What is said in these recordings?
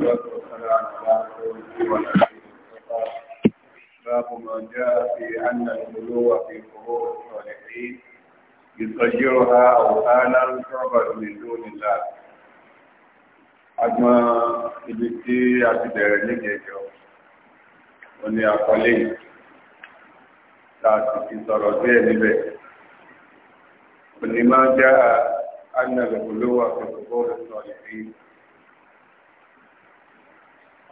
والصلاة والسلام على رسول الله باب ما جاء في أن البلوة في قبور الصالحين يصيرها أوثانا تعبد من دون الله أما إبتي أتدري لكيكو وني أقلي تأتي صاروا زي نبي ولما جاء أن البلوة في قبور الصالحين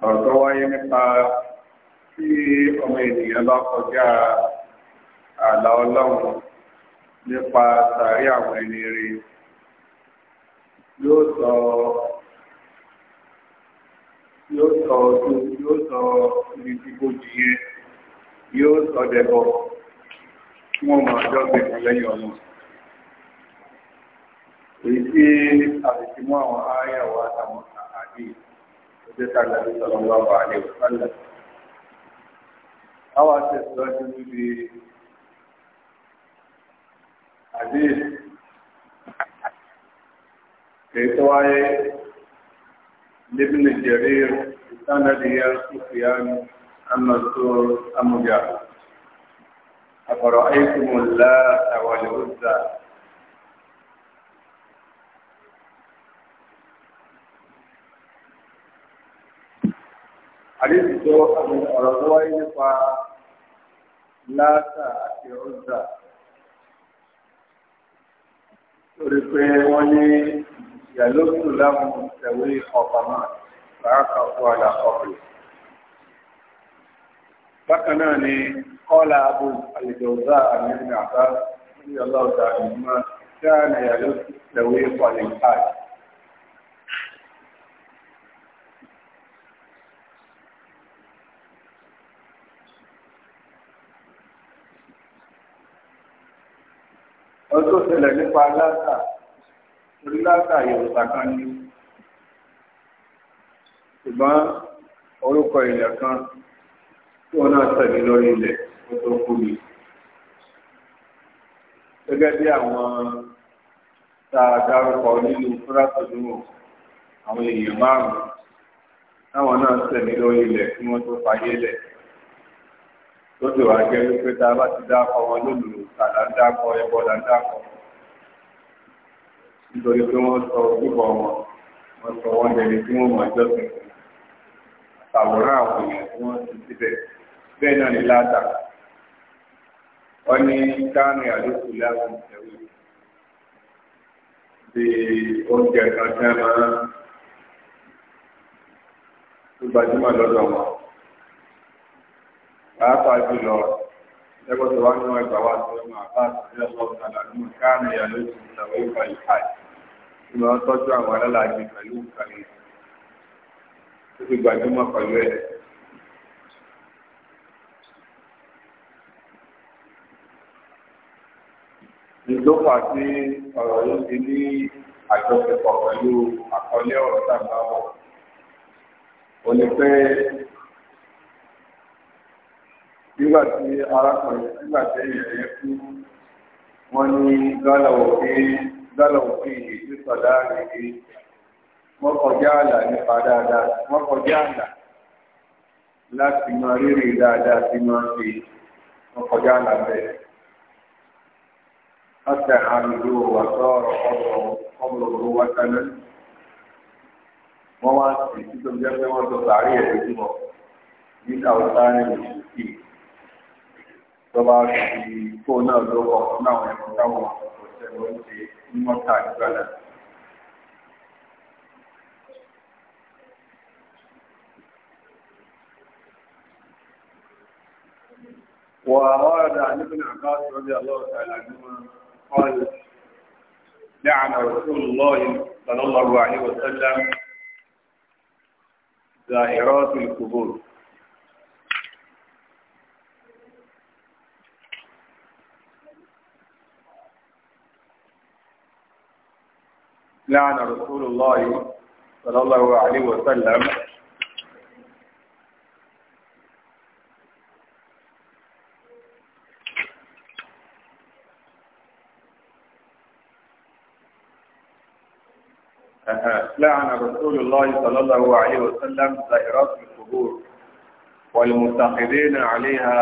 ọ̀rọ̀ tó wáyé nípa tí ọmọ ènìyàn bá kọjá àlà ọlọ́run nípa sàárì àwọn ẹni rí yóò sọ yóò sọ ọdún yóò sọ ibi tí kò jì yẹn yóò sọ dẹbọ kí wọn mọ ọjọ́ gbẹ̀kọ́ lẹ́yìn ọmọ èyí tí a mú àwọn aráyàwó àtàwọn àdéhùn síta nàbí sọ̀rọ̀ wà wà ní òkúta. Àwọn àtẹ̀síwájú níbi àdéhùn kìí tó wáyé لابن جرير سند سفيان المنصور أم جعفر أفرأيتم اللات والعزى àdéhùn tó ọ̀rọ̀ tó wáyé nípa láàtà àti ọ̀dà lórí pé wọ́n ní ìyàlókù láwọn ìtẹ̀wé ọ̀pàmọ́ bàákà fún àlà ọ̀pẹ̀. bákan náà ni kọ́lá abu àlìjọba àmì àbá ní ọlọ́ọ̀dà àmì máa dáa ní ìyàlókù ìtẹ̀wé ọ̀pàmọ́ ọjọ́ ìṣẹ̀lẹ̀ nípa láta torí láta yorùbá kan ní ṣùgbọ́n orúkọ ilẹ̀ kan tí wọ́n náà tẹ̀lé lórí ilẹ̀ tó tó kú mi gẹ́gẹ́ bí àwọn tá a dárúkọ nínú fúrásọdúnwò àwọn èèyàn márùn-ún táwọn náà tẹ̀lé lórí ilẹ̀ kí wọ́n tó fayé lẹ̀ tó ti wà jẹ́ wípé tá a bá ti dákọ̀ wọn lónìí kàdá ń dákọ̀ ẹbọ là ń dákọ̀ nítorí pé wọ́n sọ ojúbọ wọn wọ́n sọ wọ́n dẹni tí wọ́n mọ̀ ọjọ́ sí àwòrán àwọn èèyàn tí wọ́n ti síbẹ̀ bẹ́ẹ̀ náà ní láta wọ́n ní káàmì àdókù láti ìtẹ̀wé bí oúnjẹ kan tẹ́ máa ń gbajúmọ̀ lọ́dọ̀ wọn pàápàá jùlọ ẹgbọ́sọ̀ wá nínú ẹgbà wá sí ọmọ àbáàsì ní ọlọ́run àlànà káàrin ìyá ló ti ìtàwé ìfà ìfàì tí wọ́n tọ́jú àwọn alálàájì pẹ̀lú ìkàlẹ̀ tó ti gbajúmọ̀ pẹ̀lú ẹ̀. ìdókòwò àti ọ̀rọ̀ yìí ti ní àjọṣepọ̀ pẹ̀lú àkọlé ọ̀rọ̀ tàbí àwọ̀ onífẹ́ nígbà tí arákùnrin nígbà tí èèyàn yẹn kú wọ́n ní gálà òfin gálà òfin yìí ní sọ̀dá rèé wọ́n kọjá àlà nípa dáadáa wọ́n kọjá àlà láti máa rírì dáadáa tí máa ń fi wọ́n kọjá àlà bẹ́ẹ̀. حتى عملوا وصار قبل قوة وما في كتب جنة وصار عليه من أوطان المشركين lọ́ba náà ẹ̀kọ́ táwọn عن ابن عباس رضي الله تعالى عنهما قال لعن رسول الله صلى الله عليه وسلم زائرات القبور لعن رسول الله صلى الله عليه وسلم لعن رسول الله صلى الله عليه وسلم زائرات القبور والمتخذين عليها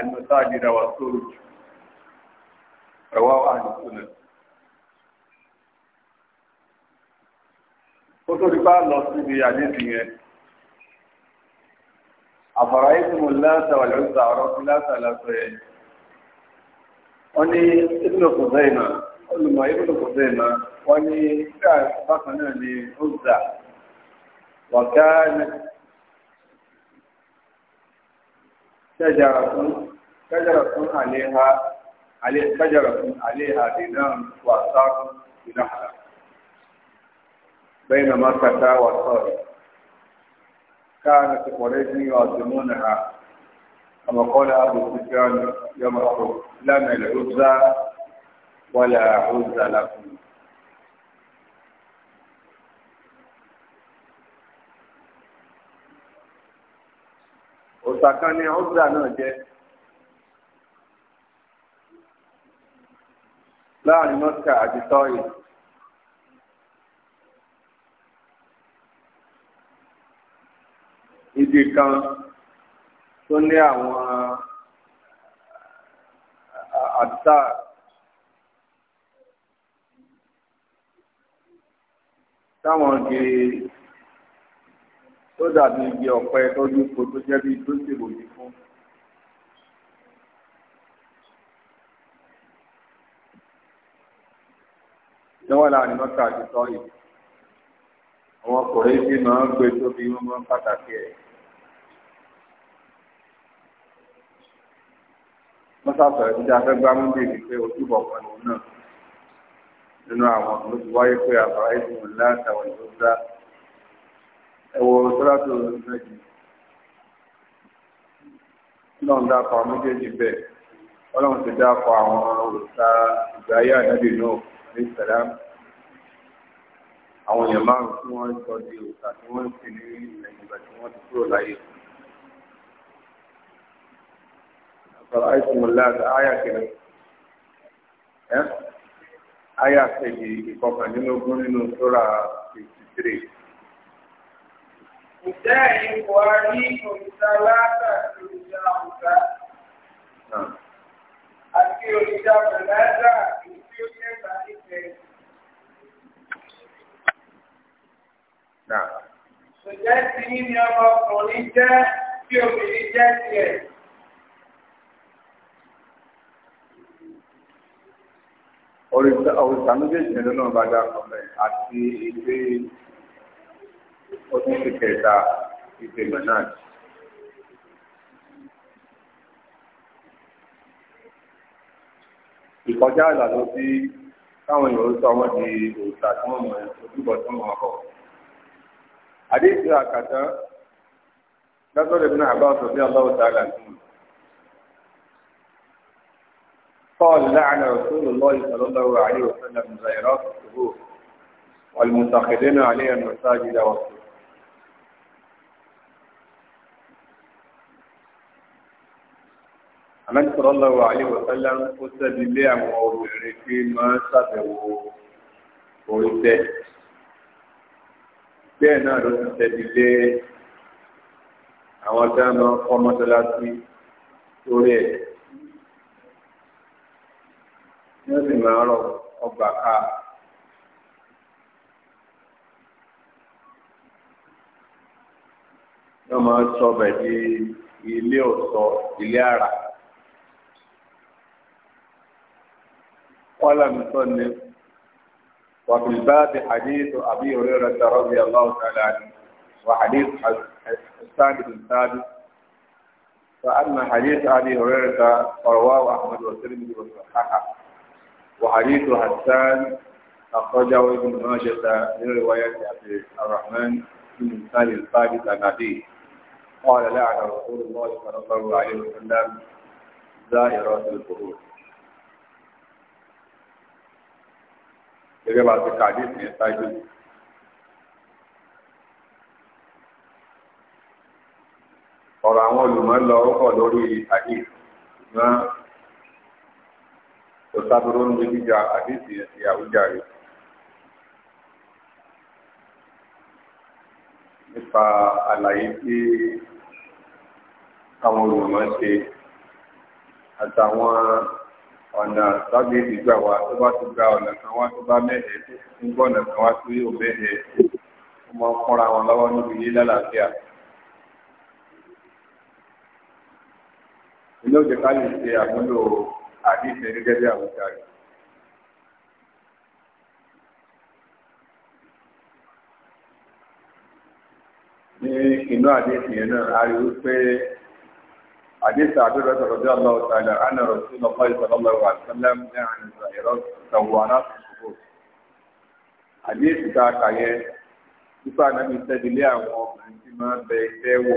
المساجد والسرج رواه أهل السنة ó tó dípá lọ síbi àdéhùn yẹn àbọ̀rọ̀ ìtumù lẹ́sẹ̀ wà lóṣù àrọ́ sí lẹ́sẹ̀ lẹ́sẹ̀ yẹn wọ́n ní ibùdó kò bẹ́ẹ̀ náà olùmọ̀ ibùdó kò bẹ́ẹ̀ náà wọ́n ní ṣíà bákan náà ní ọ̀gbà wọ̀ká شجرة شجرة عليها عليه شجرة عليها بنام وأثار بنحلة بين مكة والطائف كانت قريش يعظمونها كما قال أبو سفيان يوم أحد لنا العزى ولا عزى لكم òsàkán ni ọ̀dà náà jẹ́ láàrin mọ́síkà ibi kan tó ní àwọn àdúrà táwọn igi tó dàbí igi ọ̀pẹ tó yípo tó jẹ́ bí tó sì wòye fún. níwọ̀n láàrin mọ́ta àti sọ́ọ̀yì àwọn ọkùnrin sì máa ń gbé tóbi wọn máa pàtàkì ẹ̀. wọ́n sàtọ̀ ẹ̀ níta fẹ́ gbámú bíi ní pé ojú bọ̀ pẹ̀lú náà nínú àwọn tó ti wáyé pé àbára ìdùnnú látàwọn ìlú dá ẹ̀wọ̀ sọ́dọ̀tò méjì náà ń dákọ̀ àwọn méjèèjì bẹ́ẹ̀ ọlọ́run ti dákọ̀ àwọn òòta ìgbáyé ànábì náà ní ìsẹ̀dá àwọn èèyàn márùn-ún tí wọ́n ń sọ di òòta tí wọ́n ń sìn ní ìgbà tí wọ́n ti kúrò láyé fún رأيتم اللات آية كده آية كده ìkọkàndínlógún nínú sura fifty three. Ǹjẹ́ ìwọ rí òrìṣà látà sí òrìṣà ọ̀gá? Àti òrìṣà bẹ̀rẹ̀dà tí ó kẹta níbẹ̀. Ǹjẹ́ tí ní ọmọkùnrin jẹ́ tí obìnrin jẹ́ tiẹ̀? òrìṣà méjèèjì ló náà bá dákọ̀ mẹ́ àti ilé ọdún sí kẹta ìgbìmọ̀ náà. ìkọjá ìlànà tí táwọn èèyàn ń sọ wọn di òrìṣà tí wọn mọ ojúbọ tí wọn kọ. àdéhùn àkàtà lọ́sọ̀rọ̀ ìbínú àbá ọ̀sọ̀ bí aláwọ̀ tá a gà nínú. قال لعن رسول الله صلى الله عليه وسلم زائرات القبور والمنتقدين عليها المساجد والصلاة أمن صلى الله عليه وسلم أسد الله وأبعركي ما سبه ويسد بين أسد الله أو كما قمت لك توريه yóò sì máa rọ ọgbà ká. yóò máa sọ ọbẹ̀ di ilé ọ̀sọ́ ilé àrà. قال المصنف وفي الباب حديث أبي هريرة رضي الله تعالى عنه وحديث حسان بن ثابت فأما حديث أبي هريرة فرواه أحمد والترمذي وصححه وحديث حسان أخرجه ابن ماجة من رواية عبد الرحمن بن سالم الثابت عن أبيه قال لعن رسول الله صلى الله عليه وسلم زائرات القبور gẹ́gẹ́ bá ti ka àdéhùn yẹn ṣáájú. ọ̀rọ̀ àwọn olùmọ̀ lọ ó pọ̀ lórí àdéhùn ṣùgbọ́n tó sábúrò ń lé jíjà àdéhùn ẹ̀sì àwùjáre. nípa àlàyé tí àwọn olùmọ̀ ṣe àtàwọn ọ̀nà tàbí ìgbà wa tó bá ti gba ọ̀nà kan wá tó bá mẹ́ẹ̀ẹ́ tó ń gbọ́ ọ̀nà kan wá tó yóò mẹ́ẹ̀ẹ́ ó máa ń fúnra àdìsí ní gẹ́gẹ́ bí àwùjá rẹ̀. ní inú àdìsí yẹn náà a rí wípé àdìsí àdúrà tọ̀rọ̀ bí ọlọ́wọ́ tààlà àná sí lọ́kọ́ ìsọ̀lọ́lọ́wọ́ àtúnlẹ́m ní àrùn ìrọ̀ àwọn ọkùnrin tí bẹ ẹgbẹ́ wò.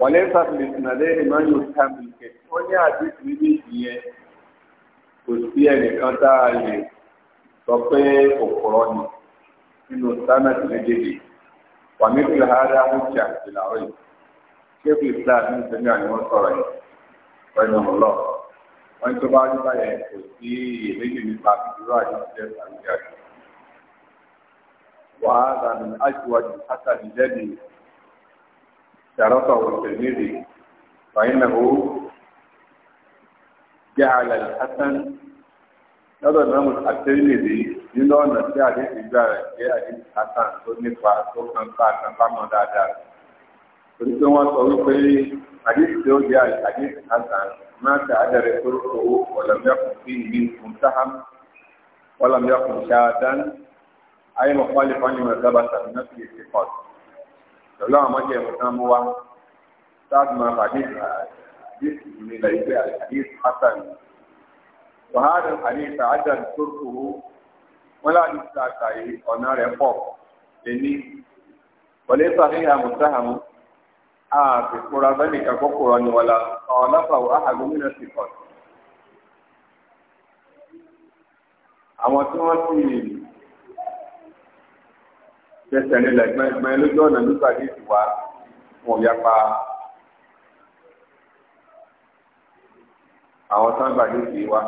wọlé sáfìlì sinadé ìmọ̀ yóò ká mi kẹ̀ wọ́n ní àdìsí méjèèjì yẹn kò sí ẹnìkan tá a lè sọ pé òpùrọ̀ ni nínú sánàtì méjèèjì wàmí kìláàdá mújà ìlàrọ̀ yìí ṣéèkì islam ní ìsinmi àná wọn sọ̀rọ̀ yìí pẹ̀lú ọlọ́ wọn tó bá rí báyẹn kò sí iyèméjì nípa ìdúró àdìsí jẹ́ sàmújà wàhálà ní àjùwájú hásàdì lẹ́nu اعترفه الترمذي فانه جعل الحسن هذا الامام الترمذي يقول ان في هذه الجاره جاء الحسن ابن فاس وكان فاس فما دادا ولكن هو صلى الله حديث جو جاء الحديث الحسن ما تعذر طرقه ولم يكن فيه من متهم ولم يكن شاهدا اي مخالفا لما ثبت من نفسه في قصر pẹ̀lú àwọn ọmọdé ẹ̀mọ́ tán mú wa sáàtì máa pàdé àdéhùn ní ilẹ̀ ìgbé àdéhùn hasan wàhálà àdéhùn àjàn tó kúrú wọn láti ṣe àṣàyè ọ̀nà rẹ̀ pọ̀ lẹ́ni wọlé sàfihàn mùsáhàmù tẹsẹ̀ nílẹ̀ gbẹ̀ngbẹ̀ lójú ọ̀nà nígbà tí ti wá wọn ya pa àwọn sáńgbà tí ti wá.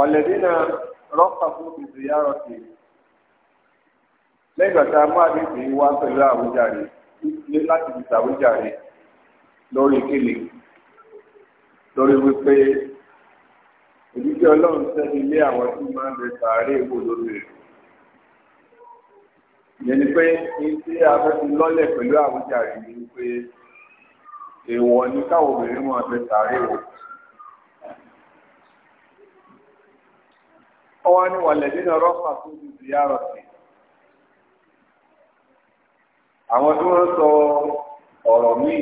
والذين رقبوا بزيارة lẹ́yìn ìgbà tá a mú àdéhùn wá pẹ̀lú àwùjáre ní láti fi ṣàwùjáre lórí kíni lórí wípé ìdíje ọlọ́run sẹ́ni ilé àwọn tí máa ń lè sàárè wò lórí rẹ̀ ìyẹn ni pé ní tí a fẹ́ fi lọ́lẹ̀ pẹ̀lú àwùjáre ni wípé èèwọ̀ ní káwọn obìnrin máa fẹ́ sàárè wò. ọwọ́ ni wàlẹ̀ nínú ọlọ́pàá tó ti di yàrá àwọn tí wọ́n sọ ọ̀rọ̀ míì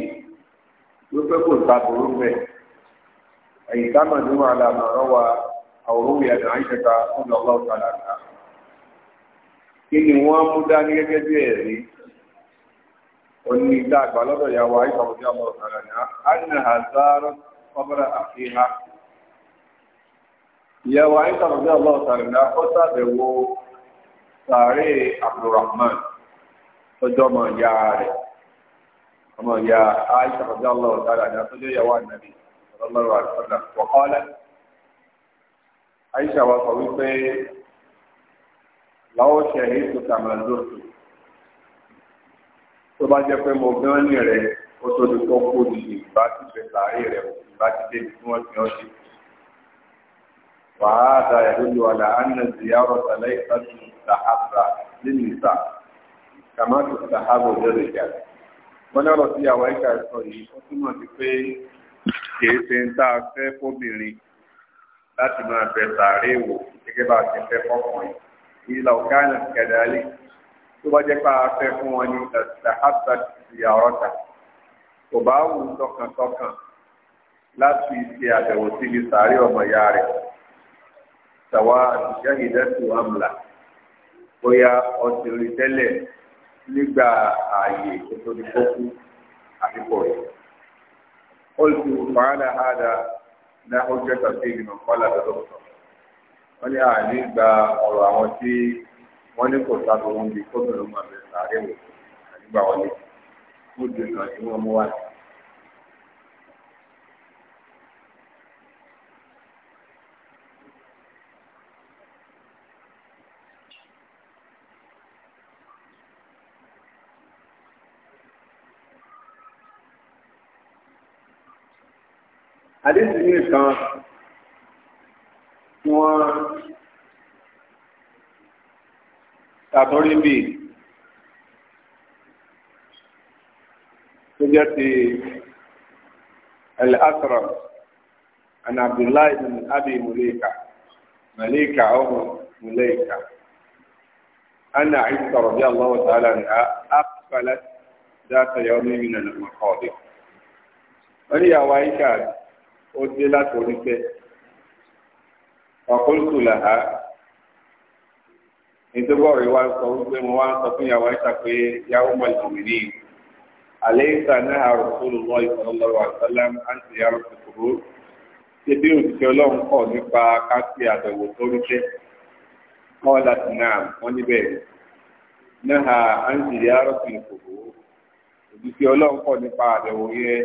ló fẹ́ kó ta burú ẹ̀yìn ní wọn àlànà ọ̀rọ̀ wa àwòrán wíyà náà ń ṣẹta ọ̀nà kí ni wọ́n mú dání gẹ́gẹ́ bí ẹ̀rí oní dá àgbà lọ́dọ̀ ìyàwó àìsàn òjò ọmọ ọ̀sán ni a ní àzáró ìyàwó sàbẹ̀wò sàárè tọjọ́ ọmọ ìyá rẹ̀ ọmọ ìyá aisha ọjọ́ ọlọ́run dára ní atọ́jọ́ ìyàwó ànábì ọlọ́run àtọ́jà wọ̀kọ́lẹ̀ aisha wa sọ wípé làwọn ṣe èyí tó kàmà lóṣù tó bá jẹ́ pé mo gán rẹ̀ ó tó di tó kó di ìgbà tí ìfẹ́ sàárè rẹ̀ ìgbà tí débi tí wọ́n ti ọ́ sí. وهذا يدل على أن الزيارة ليست مستحبة للنساء kàmá tó sàhábò lórí ìjà wọn lọ́rọ̀ sí àwọn ẹ̀ka ẹ̀sọ́ yìí ó túmọ̀ sí pé kìí ṣe ń tá a fẹ́ fóbìnrin láti máa bẹ sàárè wò gẹ́gẹ́ bá a ti fẹ́ fọkùnrin ìlà òkàánà kẹdàálì tó bá jẹ́ pé a fẹ́ fún wọn ní sàhábà ìyàrá ta kò bá wù tọkàntọkàn láti ṣe àbẹ̀wò síbi sàárè ọmọ ìyá rẹ̀ sàwa àtijọ́ ìdẹ́tù àmùlà bóyá ọ̀sìn orí tẹ́lẹ̀ nígbà ààyè tó ní kókó àdìpọ̀ rẹ̀. olùkú fàádà àdà náà ó jẹ́ tàbí ìgbìmọ̀ kọ́lá lọ́dọ̀ sọ. wọ́n ní àní gba ọ̀rọ̀ àwọn tí wọ́n ní kò sábà wọn bí kóbìnrin máa bẹ̀rẹ̀ sàárẹ̀ wò àdìgbà wọlé. ó mú wá sí i. حديث من الأسرة عن عبد الله بن أبي مليكة مليكة أو مليكة أن عيسى رضي الله تعالى عنها أقفلت ذات يوم من المقابر. المقابل وهي وعيشات ó dé láti oníṣẹ́ ọ̀kúntù làhá ìdúgbòrò wa sọ wípé mo wá ń sọ fún ìyàwó ẹ̀ṣà pé yàwó mọ̀lẹ́mì ní àlẹ́yìnsà náà àròsọ̀rọ̀ lọ ìsọ̀lọ́wọ́ àṣálàm àti àròsọ̀kòrò ṣe bí òṣìṣẹ́ ọlọ́run kọ̀ nípa káṣí àbẹ̀wò tó ríṣẹ́ kọ́ láti náà wọ́n níbẹ̀ náà àǹtí àròsọ̀kòrò òṣìṣẹ́ ọlọ́run kọ̀ nípa àbẹ̀wò yẹn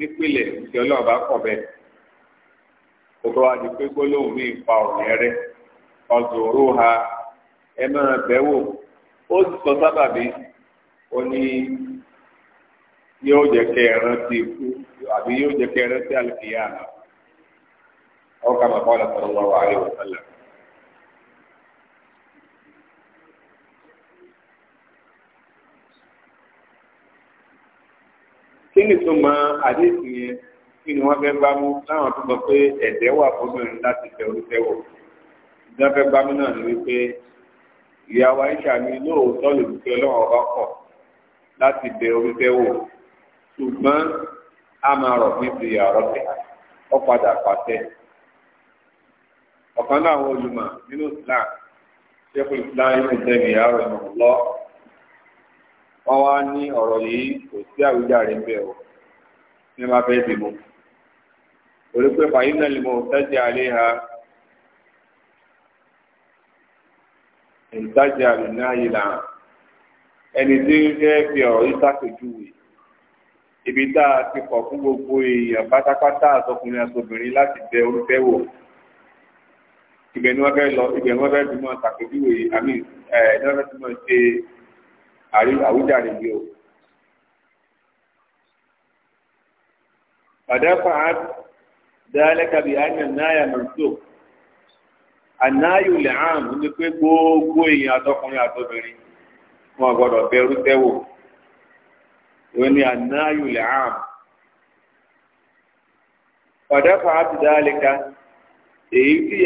nípìnlẹ̀ tí ọlọ́run bá kọ̀ bẹ́ẹ̀ kó tó wá di pé gbólóhùn mi pa ọ̀rọ̀ yẹn rẹ ọ̀dùnrún ha ẹ máa bẹ̀ wò ó sì sọ sábàbí ó ní yóò jẹ́ kẹ́ ẹ rántí ikú àbí yóò jẹ́ kẹ́ ẹ rántí àlùkìyà ọkà màkà ọ̀dà sọ̀rọ̀ wà wà áyè wọ̀ sálẹ̀. kí ni tó mọ àdéhùn yẹn kí ni wọ́n fẹ́ gbá mú láwọn tó sọ pé ẹ̀dẹ́ wà fọ́mìnrin láti fẹ́ oríṣẹ́ wọ̀ ìdá fẹ́ gbá mú náà ni wípé ìyàwó àyíṣà mi lóòótọ́ lòdùkẹ́ ọlọ́run ọba kọ̀ láti bẹ oríṣẹ́ wọ̀ ṣùgbọ́n a máa rọ̀ fún ti yàrá tẹ̀ ọ padà pàṣẹ. ọ̀kan náà àwọn olùmọ̀ nínú Islam ṣẹ́kù Islam yóò tẹ̀ mí ìmọ̀ lọ́ọ́ wọ́n wá ní ọ̀rọ̀ yìí kò sí àwíjàre ń bẹ̀ o ní ma fẹ́ dìbò torí pé fàyín náà lè mọ òtájì àlẹ́ ha ìtajà rẹ̀ náà yìí là ẹni tí ń fẹ́ fi ọ̀rọ̀ yìí ṣàpèjúwe ibi tá a ti kọ̀ fún gbogbo èèyàn pátápátá àtọkùnrin àtobìnrin láti bẹ orúfẹ́ wò ibẹ̀ ni wọ́n fẹ́ lọ ibẹ̀ ni wọ́n fẹ́ dùnmọ̀ ṣàpèjúwe àmì ẹ̀ ní wọ́n fẹ́ dùnmọ̀ ṣe. àrí àwùjáde bí o. Fàdáfà á dálẹ́ka bí àyàn náyà mọ̀tò. Ànáyò lè ní pé gbogbo èèyàn àtọkùnrin àtọbìnrin fún gbọdọ̀ bẹ̀rù tẹ́wò. Ìwé ni ànáyò lè hàn. Fàdáfà á ti èyí tí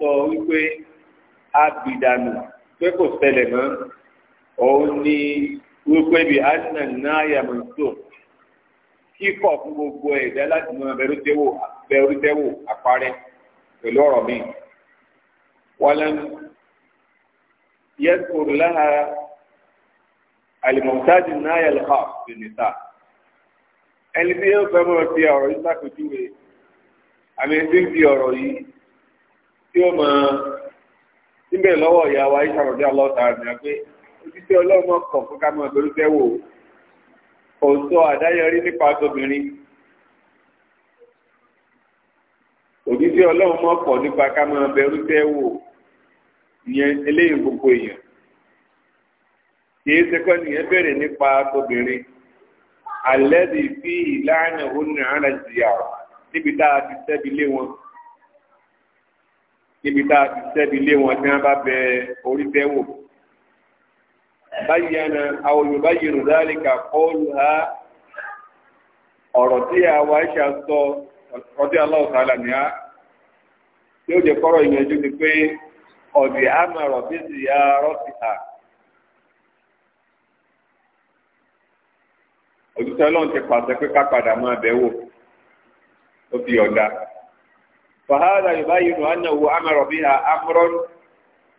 sọ wípé a pé kò ṣẹlẹ̀ mọ́. òun ni wípé bí anna náà yà mọ̀ tó kíkọ̀ fún gbogbo ẹ̀dá láti mọ bẹ̀rùtẹ́wò bẹ̀rùtẹ́wò àparẹ́ pẹ̀lú ọ̀rọ̀ mi. wọ́n yẹ́sùn láha alimọ̀tájì náà yẹ lọ́kọ̀ nìta. ẹni tí yóò fẹ́ mọ̀ fi ọ̀rọ̀ yìí sàkójúwe àmì ẹni tí ń fi ọ̀rọ̀ yìí tí ó mọ̀ níbẹ̀ lọ́wọ́ ìyá wa ìṣàròdì alọ́ta àti àgbẹ̀ ojúṣe ọlọ́mọ kàn fún ká mọ ìgbèrúṣẹ́ wò ó sọ àdáyọrí nípa tóbìnrin ojúṣe ọlọ́mọ kàn nípa ká mọ ìgbèrúṣẹ́ wò ìyẹn eléyìí gbogbo èèyàn kìí ṣe kọ́ nìyẹn bẹ̀rẹ̀ nípa tóbìnrin alẹ́bí fi ìlànà ònà àrẹ̀sìyà níbi tá a ti sẹ́bi lé wọn níbi tá a ti sẹ́bi lé wọn tí wọ́n bá bẹ orí bẹ́ẹ̀ wò. بين أو يبين ذلك قولها ọ̀rọ̀ tí a wá ṣe sọ ọdí aláwọ̀sálà ní á tí ó jẹ kọ́rọ̀ ìyànjú ti pé ọ̀dì àmàrọ̀ bí sì ya rọ́ọ̀sì hà òtútù ọlọ́run ti pàṣẹ pé ká padà máa bẹ̀ wò ó fi ọ̀dà fàhálà yorùbá yìí nù ánà ha amúrọ̀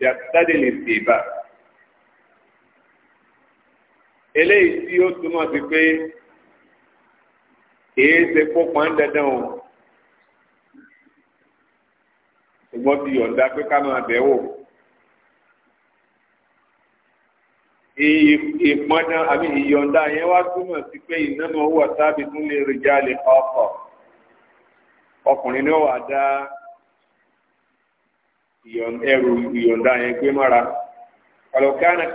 yàtúndádé lè ṣèbà eléyìí tí ó túmọ̀ sí pé èé ṣe kó pọn dandan o ṣùgbọ́n ti yọ̀ǹda pé ká máa bẹ̀ wò ìpọ́ndán àbí ìyọ̀ǹda yẹn wá túmọ̀ sí pé ìnáná owó àtàbí tún lè rí jáde ọkọ̀ ọkùnrin náà wà dá ẹrù ìyọ̀ǹda yẹn gbé mọ́ra. ولو كانت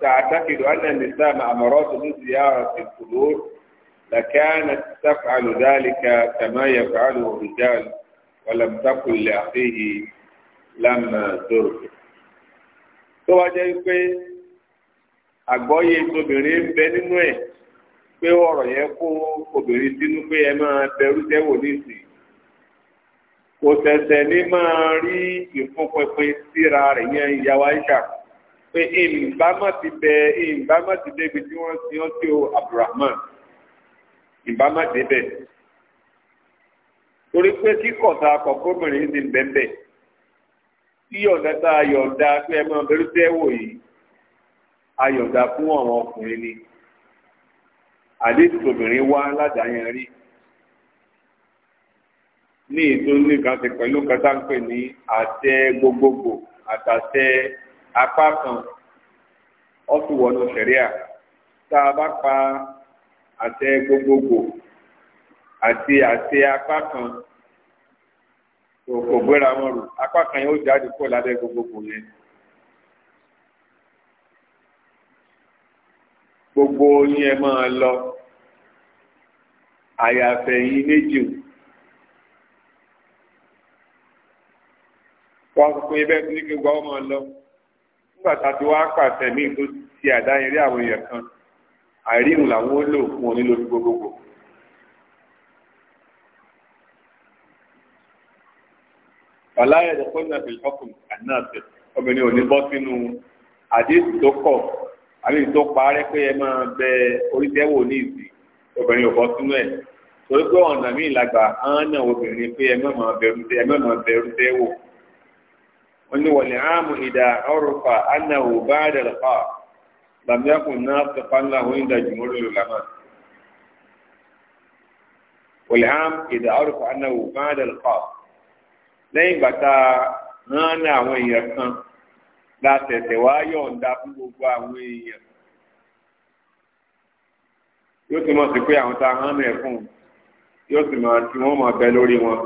تعتقد أن الإسلام أمرات بزيارة القبور لكانت تفعل ذلك كما يفعله الرجال ولم تقل لأخيه لما ترك tó wá jẹ́ pé àgbọ́yé obìnrin ń bẹ nínú ẹ̀ pé ọ̀rọ̀ yẹn kó obìnrin sínú pé ẹ máa bẹ̀rù tẹ́wò nísìn kò ṣẹ̀ṣẹ̀ ní máa rí ìfúnpinpin síra rẹ̀ yẹn ìyá wa ń ṣàkó pé ìbámọ́ ti bẹ ìbámọ́ ti débi tí wọ́n ti hàn sí o Abdulrahman ìbámọ́ débẹ̀ torí pé kíkọ̀ ta kọ̀kọ́ obìnrin ti bẹ́ẹ̀ tí yọ̀ǹda tá a yọ̀ǹda pé ẹ máa bẹ̀rù tẹ́ wò yìí a yọ̀ǹda fún àwọn ọkùnrin ni àdéhùn obìnrin wá ládàáyẹn rí ní ètò nìkan ti pẹ̀lú kátà ń pè ní àtẹ gbogbogbò àtàtẹ apá kan ọtún wọnú sẹríà tá a bá pa àtẹ gbogbogbò àti àtẹ apá kan kò gbéra wọn rò apá kan yẹn ó jáde kó lábẹ́ gbogbogbò yẹn. gbogbo yín ẹ máa lọ àyàfẹ̀yìn méjì o wọ́n sọ pé bẹ́ẹ̀ ní kí gbọ́ máa lọ nígbà tá a ti wá pàṣẹ míì tó ti àdáyẹrí àwọn èèyàn kan àìríhùn làwọn ó lò fún onílò gbogbogbò. wàláyé ìdókòwò fi ọkùn ànáàtẹ obìnrin ò ní bọ́ sínú àdéhùn tó kọ̀ àbí tó parẹ́ pé ẹ máa bẹ oríṣẹ́wò ní ìsìn obìnrin ò bọ́ sínú ẹ̀ torí pé ọ̀nà míì làgbà án náà obìnrin pé ẹ má máa bẹ̀rù tẹ́wò wani wani amu ida aurufa annahu ba'da alqa lam yakun nasiqan lahu inda jumhurul ulama wal am ida aurufa annahu ba'da alqa lẹ́yìn bàtà rán ní àwọn èèyàn kan látẹ̀tẹ̀ wá yọ̀ǹda fún gbogbo àwọn èèyàn yóò ti mọ̀ sí pé àwọn tá a rán ní ẹ̀fún yóò sì máa tí wọ́n máa bẹ lórí wọn.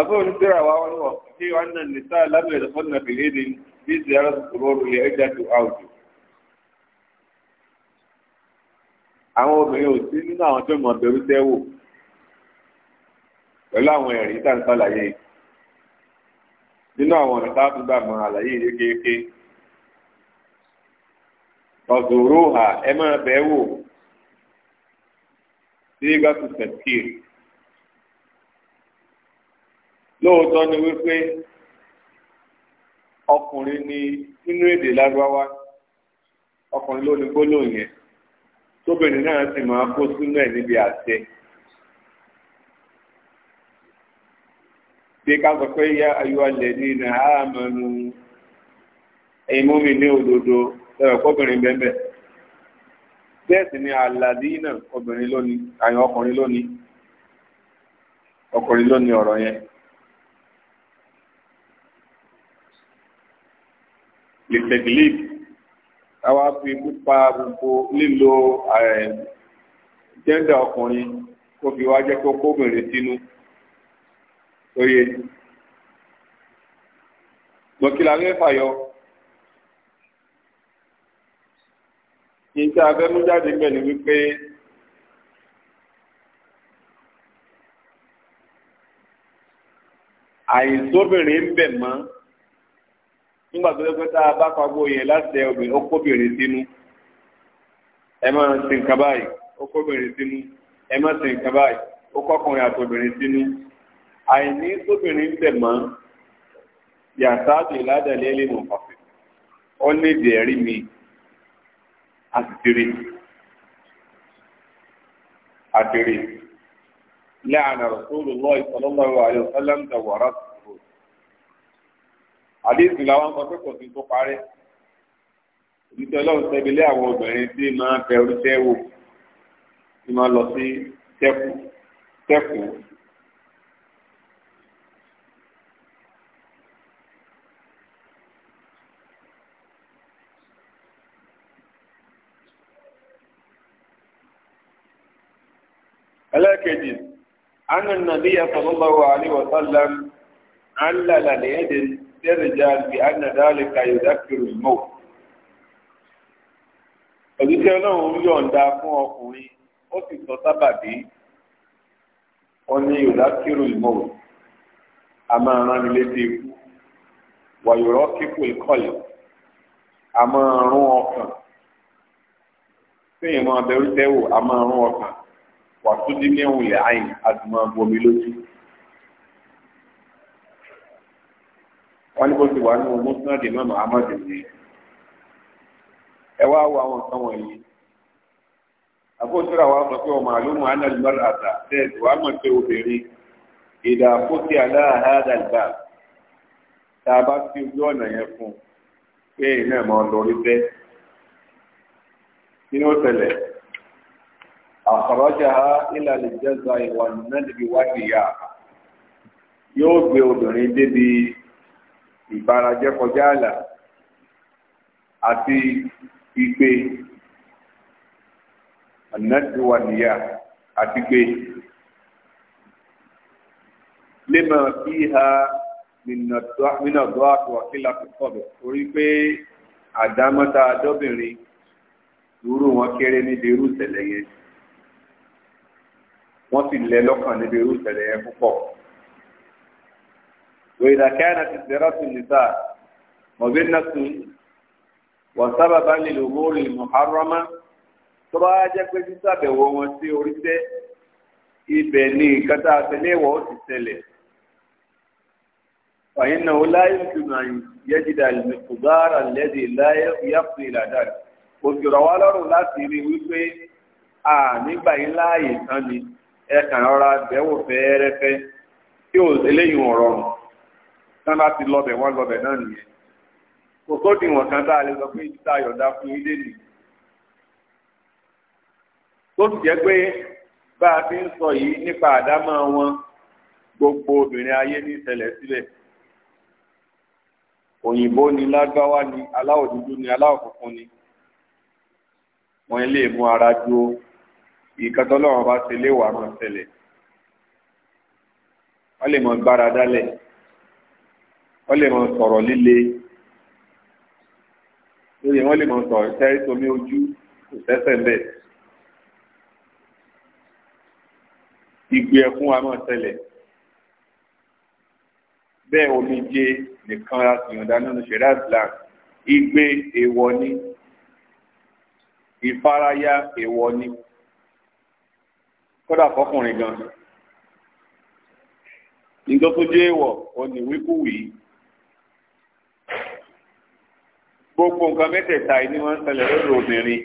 akwai wani tsirawa wani wa أن النساء nisa يدخلن في fanna filidin bi ziyarar kuroro ya ida to auto àwọn obìnrin ò sí nínú àwọn tó mọ̀ bẹ̀rù tẹ́wò pẹ̀lú àwọn ẹ̀rí tá ń sàlàyé nínú àwọn ọ̀nà táàbù gbà mọ àlàyé yékéyéké ọ̀dọ̀rọ̀ hà ẹ máa bẹ̀ẹ́ wò sí gàtù tẹ̀kìrì lóòótọ́ ni wípé ọkùnrin ni nínú èdè lágbáwá ọkùnrin ló ní gbólóhùn yẹn tóbìnrin náà sì máa kó sínú ẹ̀ níbi àṣẹ. bí ká sọ pé yá ayọ́ alẹ̀ ní ìnà àmọ́nu ẹ̀yìn mọ́mí ní òdodo ẹ̀rọ kọ́bìnrin bẹ́ẹ̀ bẹ́ẹ̀ sì ni àlàdínà obìnrin lónìí àyàn ọkùnrin lónìí ọkùnrin lónìí ọ̀rọ̀ yẹn. lìtẹ̀gìlìk àwa fi pípa gbogbo lílo jẹ́ndà ọkùnrin kó fi wá jẹ́ kó kóbìnrin sínú oyè gbọ̀kìlà mẹ́fà yọ. ìta abẹ́mújáde mẹ́ ni wípé àìsóbìnrin ń bẹ̀ mọ́. nígbà tó lọ́gbọ́n tá a bá fagbó yẹn láti ẹ obìnrin ó kóbìnrin sínú ẹ máa sin nǹkan báyìí ó kóbìnrin sínú ẹ máa sin nǹkan báyìí ó kọkùnrin àtòbìnrin sínú àìní tóbìnrin ń tẹ̀ mọ́ yàtàdù ìládàlẹ́ lẹ́nu ọ̀fẹ́ ó ní ìdí mi àtìrí àtìrí sallallahu alaihi wasallam tàwárà sí. àdéhùn làwọn sọ pé kò sí tó parẹ́ ìdíjẹ́ ọlọ́run sẹ́bilé àwọn obìnrin tí máa fẹ́ oríṣẹ́ wò tí máa lọ sí tẹ́kù tẹ́kù. ẹlẹ́ẹ̀kejì anna nàbíyà sallallahu alaihi wa sallam alàlàlẹ́yẹ́dẹ́ni. للرجال بأن ذلك يذكر الموت òjíṣẹ́ ọlọ́run yọ̀ǹda fún ọkùnrin ó sì sọ sábàbí ọní ìdákìrò ìmọ̀wé a máa rán mi létí ikú wàyọ̀rọ̀ kíkó ìkọlẹ̀ a máa rún ọkàn fíìmù abẹ́rú tẹ́wò a máa rún ọkàn wàtúndínlẹ́wìn lẹ́hìn àti máa bomi lójú. bó ti wà nínú musnad imam ahmad nìyẹn ẹ wá wo àwọn nǹkan wọ̀nyí àbótúrà wa mọ̀ pé ọmọ àlómù anàlùmọ́rà àtà tẹ́ẹ̀tì wa mọ̀ pé obìnrin ìdàkókè aláàhádà ìgbà tá a bá fi ojú ọ̀nà yẹn fún pé iná ẹ̀ máa lórí bẹ́ nínú tẹ̀lẹ̀ àkàrọ̀jà ha ìlàlì jẹ́za ìwà nàdìbí wá nìyà yóò gbé obìnrin débi ìbarajẹ́ kọjá àlà àti ìgbé ànádùwàníyà àti gbé lema fiha nínà dọ́ àtúwàkílà tó kọ̀bẹ̀ torí pé àdámọ́ta adọ́bìnrin lúrú wọn kéré níbi irú ìṣẹ̀lẹ̀ yẹn wọ́n sì lẹ lọ́kàn níbi irú ìṣẹ̀lẹ̀ yẹn púpọ̀. وإذا كانت الدراسة النساء مبنة وسببا للأمور المحرمة تراجع بسبب ومسي ورثة إبني كتاتلي وتسلي فإنه لا يمكن أن يجد المقدار الذي لا يفضي إلى ذلك òṣèrò wa lọ́rùn láti rí wípé a nígbà yín láàyè tán ni ẹ̀kàn rọra bẹ̀wò fẹ́ẹ́rẹ́fẹ́ tán bá ti lọbẹ̀ wọ́n lọbẹ̀ náà nìyẹn kò sódì wọn kan tá a lè sọ pé ibi tá a yọ̀dá fún ilé nì tó sì jẹ́ pé bá a ti ń sọ yìí nípa àdámọ́ wọn gbogbo obìnrin ayé ní ìṣẹ̀lẹ̀ sílẹ̀ òyìnbó ni lágbáwá ni aláwọ̀ dúdú ni aláwọ̀ funfun ni wọn lè mú ara dúró ìkàtọ́ lọ́wọ́ bá ṣe léwàá máa ṣẹlẹ̀ wọ́n lè mọ gbára dálẹ̀ wọ́n lè mọ sọ̀rọ̀ líle lóye wọ́n lè mọ sọ̀rọ̀ iṣẹ́ ìsomi ojú kò sẹ́sẹ̀ ń bẹ̀. ìgbé ẹ̀kún wa máa ṣẹlẹ̀ bẹ́ẹ̀ omi jẹ nìkan la sì yànda nínú ṣẹ̀dá islam ìgbé èèwọ̀ ni ìfaraya èèwọ̀ ni kódà fọkùnrin gan-an ìgbọ́kúnjẹ́ èèwọ̀ ò wíkúwìí. gbogbo nǹkan mẹ́tẹ̀ẹ̀ta yìí ni wọ́n ń ṣẹlẹ̀ lọ́dọ̀ obìnrin.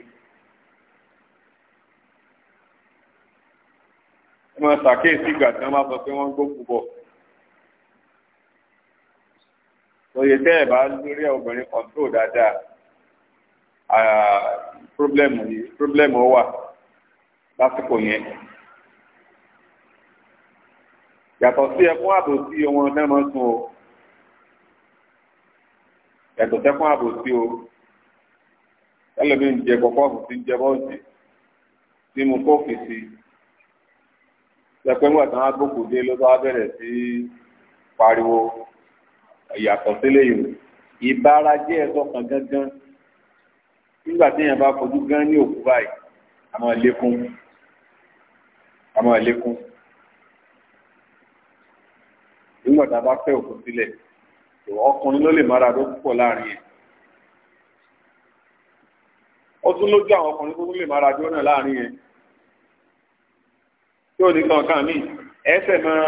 wọ́n ṣàkíyèsí ìgbà tí wọ́n bá sọ pé wọ́n ń gbókù bọ̀. tẹ́ ẹ̀ bá lórí obìnrin control dáadáa problem yìí problem wà lásìkò yẹn yàtọ̀ sí ẹkún àbòsí wọn náà máa ń sun ẹ̀tọ́ tẹ́kùn ààbò sí o ẹlòmíì ń jẹ kọ́kọ́ọ̀fù tí ń jẹ bọ́ọ̀sì tí mo kófì sí ẹ̀pẹ́ ńgbà tí wọ́n á gbókò dé ló bá bẹ̀rẹ̀ sí pariwo ìyàtọ̀ sílẹ̀ yìí ìbára jẹ́ ẹ̀tọ́ kan gángan nígbà tí èèyàn bá fojú gán ní òkú báyìí àmọ́ lékún àmọ́ lékún nígbà tí a bá fẹ́ òkú sílẹ̀ ọkùnrin ló lè mara ló púpọ̀ láàrin yẹn ó tún lójú àwọn ọkùnrin tó tún lè mara dúró náà láàrin yẹn tí ò ní kankan míì ẹsẹ̀ máa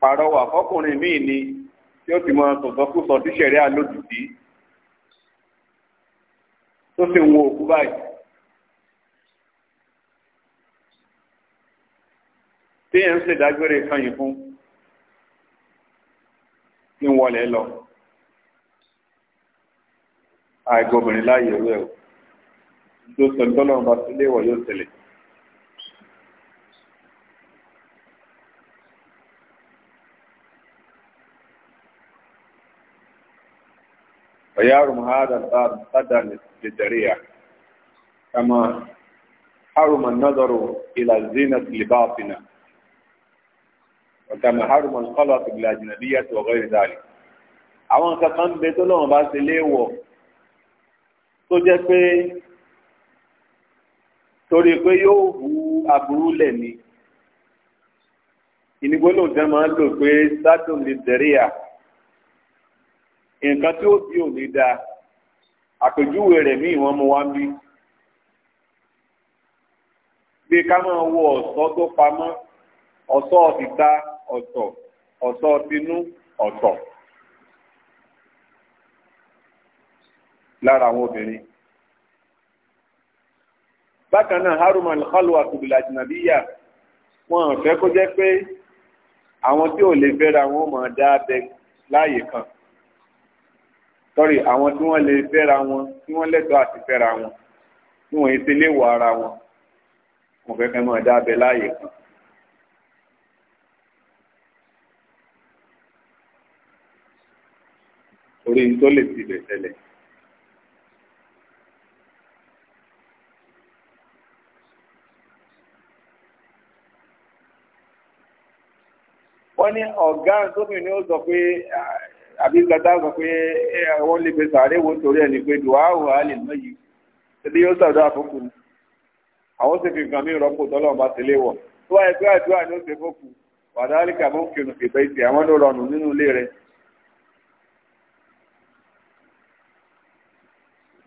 pàrọwà fọkùnrin míì ni tí ó ti máa sọ̀tọ́kùsọ tí sẹ̀rí àlòdìdí tó sì ń wo òkú báyìí. téèyàn ń ṣèdágbére kan yìí fún. ń wọlé lọ àìgbọ́bìnrin láyé rẹ̀ o tó sọ̀rọ̀ tọ́lọ́run bá sílé ìwọ̀ yóò tẹ̀lé فيحرم هذا الباب صدى للجريعة كما حرم النظر إلى fi náà ọ̀tàmà harumọ̀ kọ́lọ̀ tìbìlà jìnnà bí yàtọ̀ ọ̀gọ́ ìdálẹ̀ àwọn nǹkan kan bẹ tó lọ́wọ́n bá ṣe léèwọ̀ tó jẹ́ pé torí pé yóò hu aburú lẹ̀ ni ìnigbóló jẹ́ máa ń lò pé sátún lè dẹ̀ríyà nǹkan tí ó bí ò ní àpèjúwe rẹ̀ ní ìwọ̀n mu wá bí bí ká máa wọ ọ̀ṣọ́ tó pamọ́ ọ̀ṣọ́ ìta ọ̀tọ̀ ọ̀ṣọ́ tinú ọ̀tọ̀ lára àwọn obìnrin bákan náà haruma alkhalwa tubila jinabiya wọn fẹ́ kó jẹ́ pé àwọn tí ò lè fẹ́ra wọn máa dá abẹ láàyè kan sọrí àwọn tí wọ́n lè fẹ́ra wọn tí wọ́n lẹ́tọ̀ọ́ àti fẹ́ra wọn tí wọ́n yìí ara wọn wọn fẹ́ fẹ́ máa dá láàyè kan torí tó lè ti bẹ̀ tẹ́lẹ̀. wọ́n ní ọ̀gá sófin ni ó sọ pé àbí gbàtà sọ pé wọ́n lè fẹ́ sàárẹ̀ wo torí ẹ̀ ní pé dùhàwù àlè náà yìí tẹ́lẹ̀ yóò sàdọ́ àfọ́kù àwọn sì fi nǹkan mi rọ́pò tọ́lọ́ ọba tẹ́lẹ̀ wọ̀ tó wáyé pé àdúrà ni ó ṣe fọ́kù wàdálíkà mọ́kìnnù ìbẹ́ ìsì àwọn ló rọrùn nínú ilé rẹ̀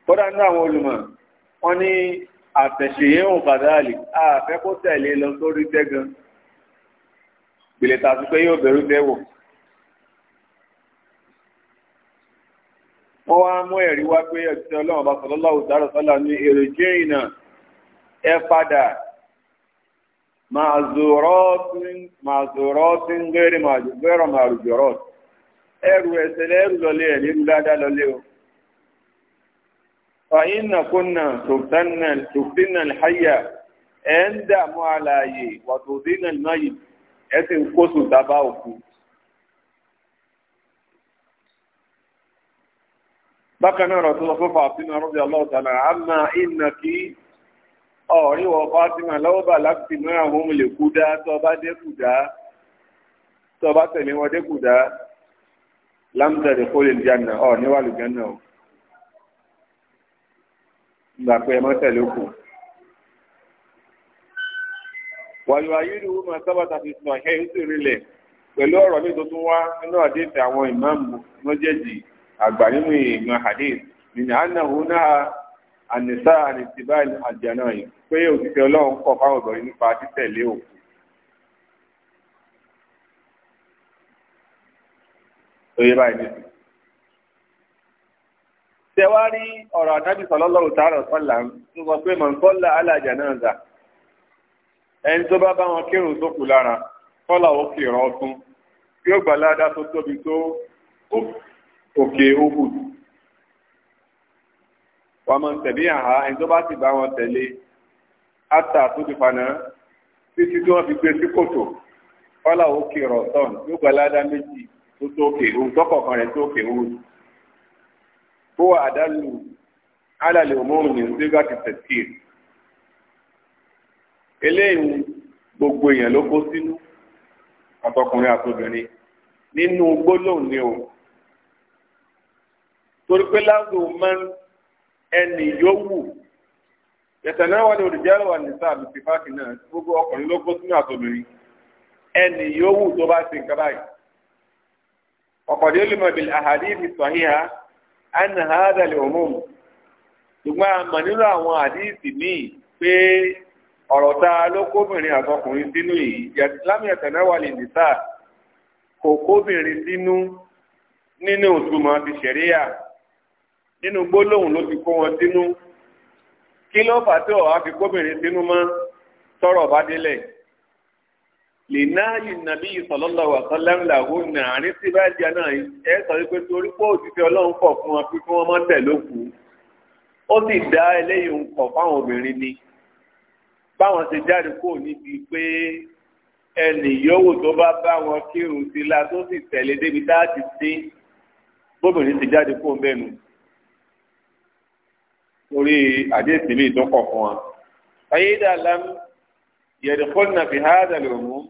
kódà ní àwọn olùmọ̀ wọ́n ní àtẹ̀ṣèyẹ́hùn kàdáàlì ààfẹ́ kó tẹ̀lé lọ sórí tẹ́gan gbèlè tàbí pé yóò bẹ̀rù tẹ́wọ̀ wọ́n wá mú ẹ̀rí wá pé ẹ̀sìn ọlọ́run bá ní fàyínà kúnnà tòfínà háyà ẹ̀ ń dààmú alààyè wàtòfínà náyì ẹ̀ sì ń kó sùn dábàá òkú. bákan náà rọ̀ tó lọ fún fàtínà rọ́bì aláwọ̀tàlá àmà ìnà kí ọ̀rí wọ lọ́wọ́bà láti mú gbà pé ẹ mọ́ tẹ̀lé òkú. wàyò ayélu máa sábà tàbí sùn àhẹ́ ó sì rinlẹ̀ pẹ̀lú ọ̀rọ̀ mi tó tún wá nínú àdéhùn àwọn ìmáàmù méjèèjì àgbà nínú ìmọ̀ hadith nìyà ánàhùn náà ànìsá ànìsíbá àjànà yìí pé òṣìṣẹ́ ọlọ́run kọ̀ fáwọn obìnrin nípa títẹ̀lé òkú. oyè báyìí nìyí tẹwá rí ọ̀rọ̀ ànábì sallallahu ta'ala sọ́là ń sọ pé man salla ala janaza ẹni tó bá bá wọn kírun tó kù lára kọ́là ó kìrọ̀ ọtún kí ó gbà ládá tó tóbi tó òkè òhù wà mọ̀ tẹ̀lé àhá ẹni tó bá sì bá wọn tẹ̀lé átà tó ti fana títí tí wọ́n fi gbé sí kòtò kọ́là ó kìrọ̀ ọ̀tọ̀ yóò gbà ládá méjì tó tó òkè òhù tọ́kọ̀ọ̀kan rẹ̀ tó òkè òhù. هو أدل على الأمور من صيغة التذكير eléyìí gbogbo èèyàn ló sínú àtọkùnrin nínú gbólóhùn ni o torí pé láńdò máa ń ẹnì yòówù yàtọ̀ náà wà ní olùjẹ́rọ̀ wà ní náà gbogbo ọkùnrin ló kó sínú tó bá ṣe an hadha al-umum ṣùgbọ́n a mọ̀ nínú àwọn àdíìsì míì pé ọ̀rọ̀ tá a ló kóbìnrin àtọkùnrin sínú yìí lámì ẹ̀tẹ̀náwà lè nìta kò kóbìnrin sínú nínú ìtumọ̀ ti ṣẹ̀ríyà nínú gbólóhùn ló ti kó wọn sínú kí lìnáàyè nàbí ìsọ̀lọ́lọ́wà sọ́lẹ́mìlàwò nà àní tí bá jẹ́ náà ẹ sọ wípé torí pé òṣìṣẹ́ ọlọ́run kọ̀ fún wọn pé kí wọ́n má tẹ̀ lókù ó sì dá eléyìí ń kọ̀ fáwọn obìnrin ni báwọn ṣe jáde kó níbi pé ẹnì yòówù tó bá bá wọn kírun sí la tó sì tẹ̀lé débi tá a ti dé bóbìnrin ti jáde kó mẹ́nu torí àdéhùn mi ìdókọ̀ fún wọn. ayédàlám yẹ̀dùkọ́ nàfi hádàlùmọ́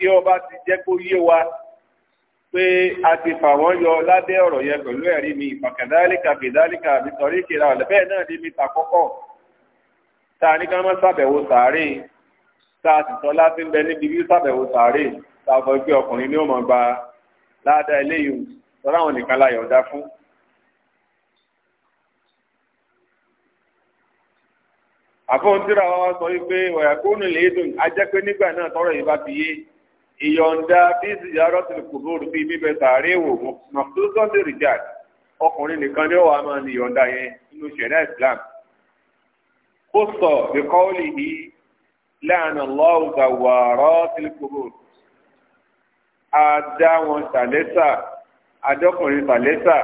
tí ọba ti jẹ́ kó yé wa pé a ti fà wọ́n yọ lábẹ́ ọ̀rọ̀ yẹn pẹ̀lú ẹ̀rí mi ìfàkàdálíkà bìdálíkà àbísọ̀rí kìlà ọ̀lẹ́ bẹ́ẹ̀ náà ní mítà kọ́kọ́ tá a ní ká má ṣàbẹ̀wò sàárè tá a sì sọ láti ń bẹ níbi bí ṣàbẹ̀wò sàárè tá sọ pé ọkùnrin ní ó gba ládàá eléyìí sọ́dọ̀ àwọn nìkan la yọ̀ọ̀dá fún. àfọ̀n tíra wa sọ wípé wọ̀yà kónú lè dùn ajẹ́ pé nígbà náà tọ́rọ̀ yìí bá fi yé ìyọ̀ǹda bí ziyarọ́ ti kò lóru bí bíbẹ tààrí wò mọ̀tòsọ́ lè rí jà ọkùnrin nìkan ni ó wà máa ní ìyọ̀ǹda yẹn nínú ṣẹ̀rẹ́ Islam ó sọ bíkọ́ọ̀lì yìí láàánú lọ́wọ́ zàwàrọ́ ti kò lóru àdá wọn sàlẹ́sà àdọ́kùnrin sàlẹ́sà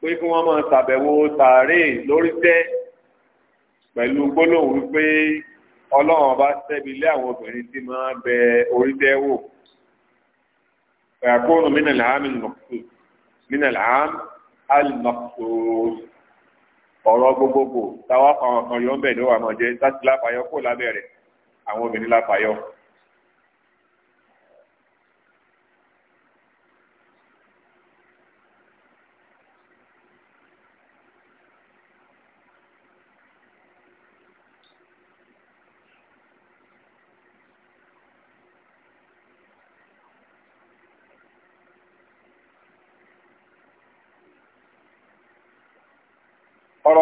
pé kí wọ́n máa ṣàbẹ̀wò tààrí lórí tẹ́ pẹ̀lú gbólóhùn wípé ọlọ́run ọba sẹ́bi lé àwọn obìnrin tí máa bẹ orí dẹ́wò ẹ̀kọ́nù mínà làámi al-maqsud mínà làám al-maqsud ọ̀rọ̀ gbogbogbò táwa kan kan yọ ń bẹ̀ ló wà láti láfàyọ kó lábẹ́ rẹ̀ àwọn obìnrin láfàyọ.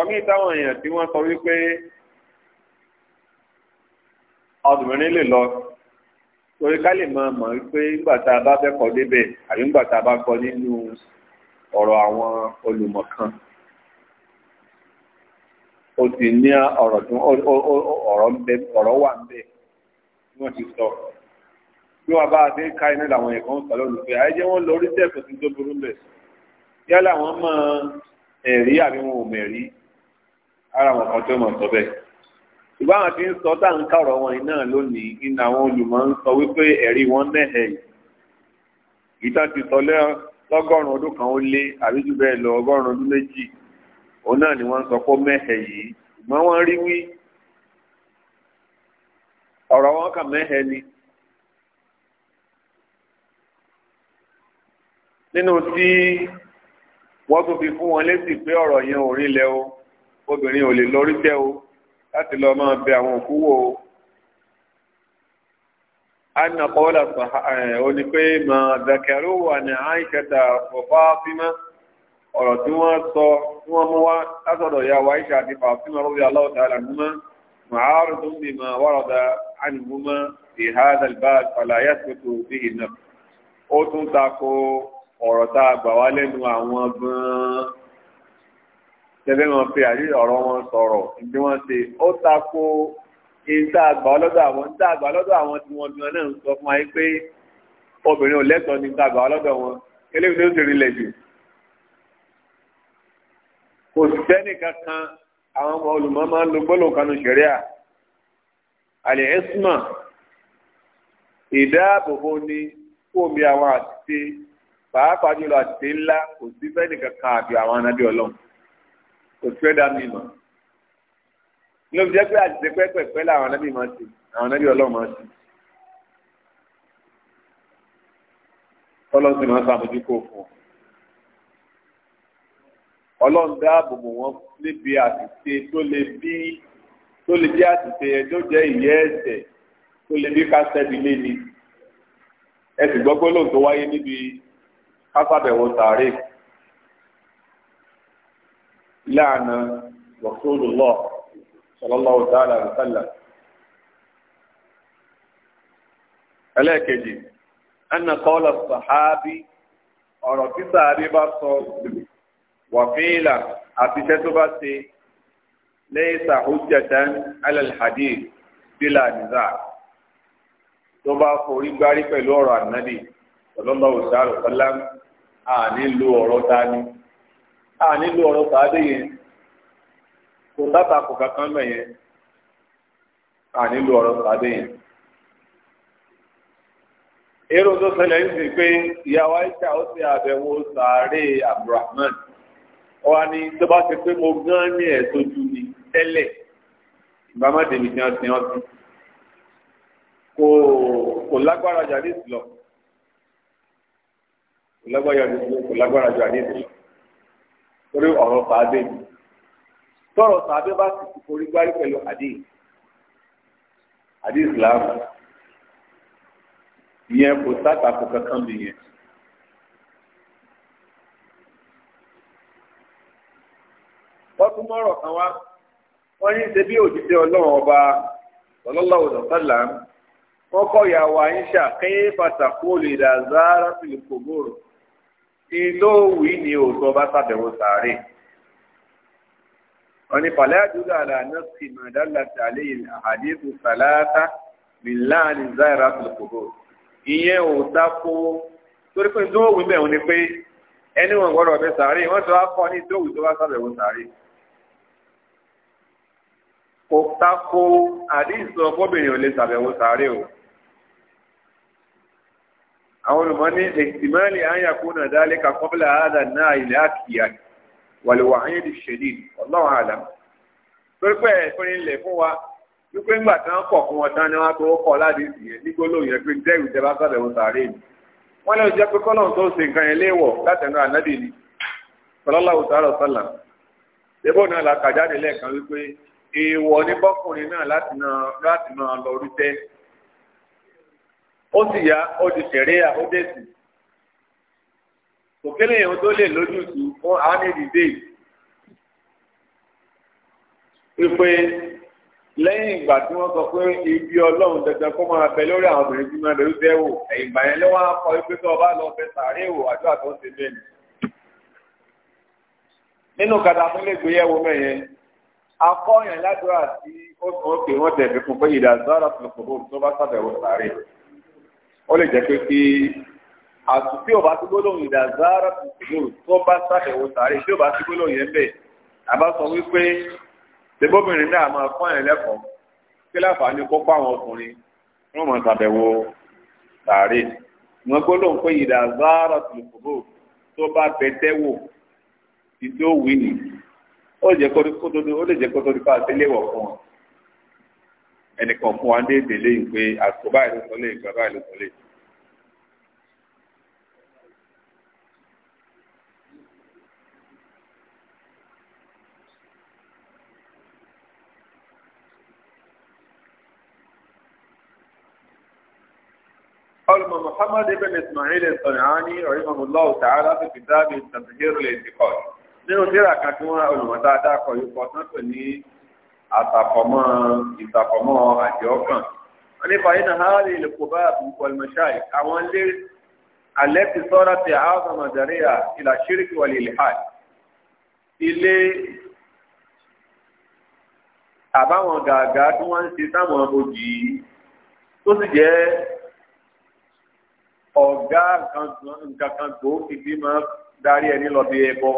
míì táwọn èèyàn tí wọ́n sọ wípé ọdùnrin lè lọ torí ká lè máa mọ̀ wípé nígbà a bá fẹ́ kọ́ débẹ̀ àbí nígbà tá a bá kọ́ nínú ọ̀rọ̀ àwọn olùmọ̀ kan ó ti ní ọ̀rọ̀ tún ọ̀rọ̀ wà ń bẹ̀ tí wọ́n ti sọ bí wọ́n bá ti ń ká iná làwọn ẹ̀kọ́ ń sọ lọ́lùfẹ́ àìjẹ́ wọ́n lórí tẹ̀kọ̀ sí tó burú bẹ̀ yálà wọ́n mọ ẹ̀rí àbí wọn ò mẹ̀rí ara wọn kan tó mọ sọ bẹ́ẹ̀. ṣùgbọ́n àwọn tí ń sọ tá à ń kàrọ̀ wọn iná lónìí iná àwọn olùmọ̀ ń sọ wípé ẹ̀rí wọn mẹ́hẹ̀ yìí. ìtàn ti sọ lọ́gọ́rùn ọdún kan ó lé àbí jù bẹ́ẹ̀ lọ ọgọ́rùn ọdún méjì òun náà ni wọ́n ń sọ pé mẹ́hẹ̀ yìí ṣùgbọ́n wọn rí wí ọ̀rọ̀ wọn kà mẹ́hẹ̀ ni. nínú tí wọ́n tún fi fún wọn lésì pé ọ̀rọ̀ yẹn ò rí lẹ́ o. obìnrin ò lè lọ rí tẹ́ o láti lọ máa bẹ àwọn òkú wò ó anna qawla eh, ó ní pé ma zakaru wa ní àìṣẹta ọ̀fà fímá ọ̀rọ̀ tí wọ́n sọ tí wọ́n mú wá látọ̀dọ̀ ya wa Aisha àti Fatima radiyallahu ta'ala anhuma tẹ́fẹ́ wọn fi àrí ọ̀rọ̀ wọn sọ̀rọ̀ ìdí wọn ṣe ó tako ìta àgbà ọlọ́dọ̀ àwọn ìta àgbà ọlọ́dọ̀ àwọn tí wọn bí wọn náà ń sọ fún wa pé obìnrin ò lẹ́tọ̀ọ́ ní ìta àgbà ọlọ́dọ̀ wọn eléyìí ló ti rinlẹ̀ jù kò sì sẹ́nì kankan àwọn ọmọ olùmọ́ máa ń lo gbólóhùn kanu ṣẹ̀ríà àlẹ́ ẹ́sùmà ìdáàbòbò ni fóònù àwọn àtìsí pàápàá jùlọ àtìsí ńlá kò sí sẹ́nì kankan àbí àwọn anábì kò sí ẹ̀dá mi mọ̀ ní omi jẹ́ pé àtìsẹ́ pẹ́pẹ́pẹ́ làwọn anábì máa ti àwọn anábì ọlọ́run máa ti ọlọ́run sì máa ń sàmójúkò fún ọ ọlọ́run dáàbò bò wọ́n níbi àtìsẹ́ tó lè bí tó lè jẹ́ àtìsẹ́ ẹ tó jẹ́ ìyẹ́ ẹ̀sẹ̀ tó lè bí ká lé ni ẹ sì gbọ́ pé wáyé níbi ká sàárè láàánà Rasulullah sallallahu ta'ala alaihi wasallam. ẹlẹ́ẹ̀kejì ẹnna kọ́lọ̀ sàhábì ọ̀rọ̀ tí sàhábì bá sọ wàfíìlà àti iṣẹ́ tó bá ṣe lẹ́yìnsà hujjatan ala al-hadith bílà nìza tó bá forí gbárí pẹ̀lú ọ̀rọ̀ ànábì sallallahu ta'ala alaihi wasallam àní lu ọ̀rọ̀ tani àní lu ọ̀rọ̀ sàhábì yẹn kò sátakò kankan mẹ yẹn a nílò ọ̀rọ̀ sábẹ yẹn èrò tó ṣẹlẹ̀ ń sìn pé ìyàwó aisha ó ṣe àbẹ̀wò sàárè abdulrahman ọwọ́ ni tó bá ṣe pé mo gán ní ẹ̀ tójú ni tẹ́lẹ̀ ìbámadèmí ti hàn sí hàn sí kò kò lágbára jàdí ìsìlọ kò lágbára jàdí ìsìlọ torí ọ̀rọ̀ fàádé yìí tọrọ tàbí bá ti ti forí gbárí pẹ̀lú hadith hadith islam ìyẹn kò sátakò kankan bí yẹn. wọ́n tún mọ́rọ̀ kan wá wọ́n ní ṣe bí òjíṣẹ́ ọlọ́run ọba sallallahu alaihi wasallam wọ́n kọ́ ìyàwó àyíṣà kéé pàtàkó lè dà záárá sílùkò ìlú òwì ni òótọ́ bá ṣàbẹ̀wò sàárè wọ́n ní fàlẹ́ àdúrà àlànà sí màdàlá tàlẹ́ àdéhùn sàlátà bìláàni záìrà tòkòtò ìyẹn ò dáko torí pé tó wù bẹ́ẹ̀ ni pé ẹni wọn gbọ́dọ̀ bẹ sàárè wọ́n ti wá kọ́ ní tó wù tó bá sábẹ̀wò sàárè. kò dáko àdéhùn ọkọ́bìnrin ò lè sàbẹ̀wò sàárè o. àwọn olùmọ̀ ní ètìmọ́lì àyàkú nàdálẹ́ka kọ́bílà àádà náà ilẹ̀ àkìyà wàlúwà ayé di ṣèdí ọlọ́run àlá torí pé ẹ̀fọn ilẹ̀ fún wa wípé ńgbà tí wọ́n kọ̀ fún wọn tán ni wọ́n tó kọ́ láti sì yẹn ní gbólóhùn yẹn pé dẹ́rù ìjẹba sàbẹ̀wò sàárè ni wọ́n lè jẹ́ pé kọ́lọ́hún tó ṣe nǹkan yẹn léèwọ̀ látẹnu ànádì ni sọlọ́láwù sàárọ̀ sọ́là débò náà la kà jáde lẹ́ẹ̀kan wípé èèwọ̀ ní bọ́kùnrin náà láti náà lọ rí tẹ́ ó sì yá ó ti ṣẹ̀rẹ́ àhódẹ́sì kò kélé yẹn tó lè lójútu fún àwọn èdìdè pípé lẹ́yìn ìgbà tí wọ́n sọ pé ibi ọlọ́run dandan kó máa bẹ lórí àwọn obìnrin tí máa lórí bẹ́ẹ̀ wò ẹ̀yìn ìgbà yẹn lọ́wọ́ á kọ wípé tó ọba lọ fẹ́ sàárè wò àdúrà tó ń ṣe bẹ́ẹ̀ ni. nínú kàtà tó lè gbé yẹ̀wò mẹ́yẹn akọ́yàn ládùúrà sí oṣù òkè wọ́n tẹ̀lé fún pé ìdàgbàsọ́ àrà fún òkòkò tó bá sàbẹ̀wò sàárè ó lè jẹ́ pé kí àtúntí ọba tí gbólóhùn ìdàzára tòkòrò tó bá sàbẹ̀wò sàárè tí ọba tí gbólóhùn yẹn bẹ̀ àbá sọ wípé ṣebóbìnrin náà máa fọ́n ẹ̀ lẹ́kọ̀ọ́ kí láǹfààní kópa àwọn ọkùnrin wọn máa sàbẹ̀wò sàárè wọn gbólóhùn pé ìdàzára tòkòrò tó bá bẹ̀tẹ̀ wò tí tí ó wí ni ó lè jẹ́ kó tó di pa àtẹ́lẹ́wọ̀ fún wọn ẹnìkan fún wa dé ìdílé yìí pé àtúbà ìlú sọlé ìgbà báyìí ló محمد بن إسماعيل الصنعاني رحمه الله تعالى في كتاب تمهير الانتقاد nínú tíra kan tí wọn olùmọdáadáa kọ yìí kọ tán pè ní àtàkọmọ ìtàkọmọ àjọkàn wọn nípa yìí náà hàlì ìlẹkùnbá àbùkọlùmọṣáì àwọn ilé alẹ ti sọra ti àwọn ọmọdéríà ìlà ṣíríkì wọlé ìlhàd ilé àbáwọn gàgà tí wọn ń ṣe táwọn ojì tó sì jẹ ọ̀gá nǹkan kan gbòógì bí máa darí ẹni lọ bí ẹbọ